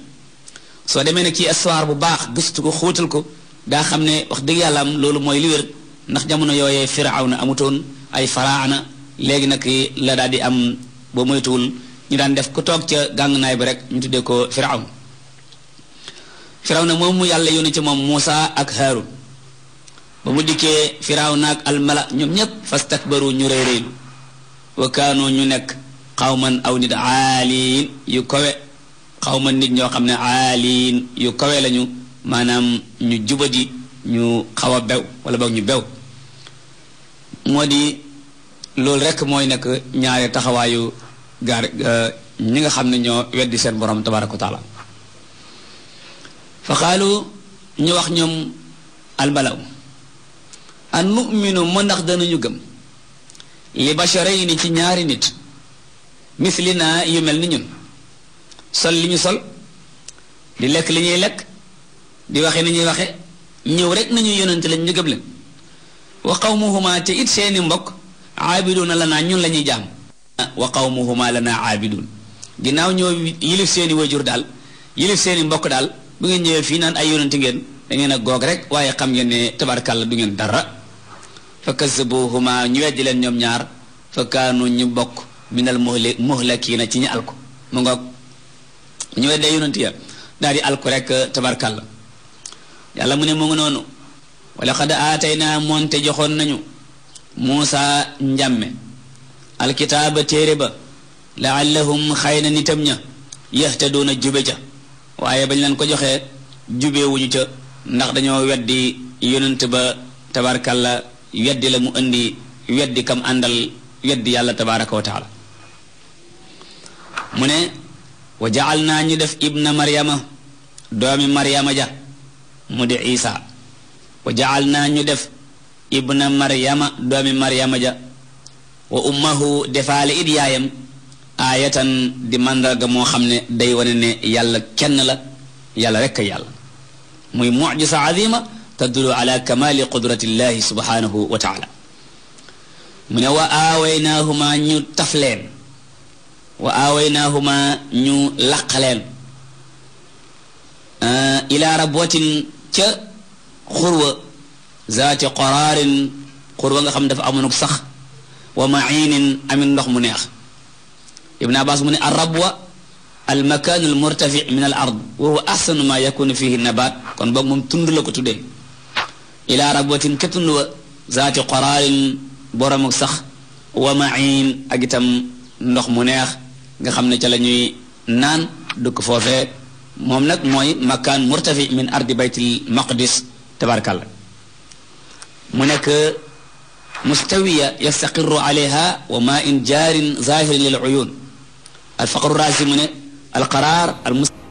soo demee na ki histoire bu baax gistu ko xóotal ko daa xam ne wax dëgg yàlla am loolu mooy li ndax jamono yooyee na amutoon ay faraana léegi nag la daal di am boo moytuwul ñu daan def ku toog ca gàngnaay bi rek ñu tuddee ko firawna firawna moom mu yàlla yónni ci moom Muusa ak Haarun ba mu dikkee firawna ak almala ñoom ñépp fastakbaru ñu réy réylu wa kaanu ñu nekk xawman aw nit aaliin yu kowe xaw ma nit ñoo xam ne aaliin yu kawe lañu maanaam ñu jubadi ñu xaw a bew wala boog ñu bew moo di loolu rekk mooy nekk ñaari taxawaayu gaar ñi nga xam ne ñoo weddi seen borom tabaraka wa taala fa xaalu ñu wax ñoom albalaw an mu'minu ma ndax danañu gëm li basharayni ci ñaari nit misli yu mel ni ñun sol li ñu sol di lekk li ñuy lekk di waxe ni ñuy waxe ñëw rek nañu yonante lañ ñu gëm leen wa qawmuhuma te it seeni mbokk aabiduuna lanaa ñun la ñuy jaam wa qawmuhuma lanaa aabiduun ginnaaw ñoo yilif seeni wajur daal yilif seeni mbokk daal bu ngeen ñëwee fii naan ay yonante ngeen da ngeen a goog rek waaye xam ngeen ne tabarkàlla du ngeen dara fa kazabuhuma ñu weddi leen ñoom ñaar fa ñu bokk minal muhlakiina ci ñi al mu ngoog bu ñu weddee yonent ya daal alku rek euh, tabarkàlla yàlla mu ne mu ngi noonu wala xad aatay naa moonte joxoon nañu muusa njàmme alkitaaba téere ba laallahum xay na nitam ña yahtaduuna jube ca waaye bañ leen ko joxee jubewuñu ca ndax dañoo weddi yonent ba tabarkàlla weddi la mu indi weddi kam àndal weddi yàlla tabaraka wa taala mu ne wa jacal naa ñu def ibna maryama doomi maryama ja mu di isa wa jacal naa ñu def ibna maryama doomi maryama ja wa ummahu defaale it yaayam aayatan di màndarga moo xam ne day wane ne yàlla kenn la yàlla rekk yàlla muy mujisa azima tadulu ala kamali qudratillahi subhanahu wa taala mu ne wa aawaynaahuma ñu tafleen wa aawaynaahuma ñu laqaleen ah, ila rabwatin ca xurwa zaati qoraarin xurwa nga xam dafa amoon sax wa maciinin amin ndox mu neex ibn abbas mu ne al rabwa al makaan al murtafi min al ard wa huwa axsanu ma yakunu fihi nabaat kon boog moom tund la ko tuddee ila rabwatin ca tund wa zaati qoraarin boromuk sax wa maciin ak itam ndox mu neex nga xam ne ca la ñuy naan dëkk foofee moom nag mooy makaan murtafi min ardi baytil maqdis tabarakàllah mu nekk mustawiya yastaqiru alayha wa ma in jaarin zahirin lil uyun alfaqru raasi mu ne alqaraar al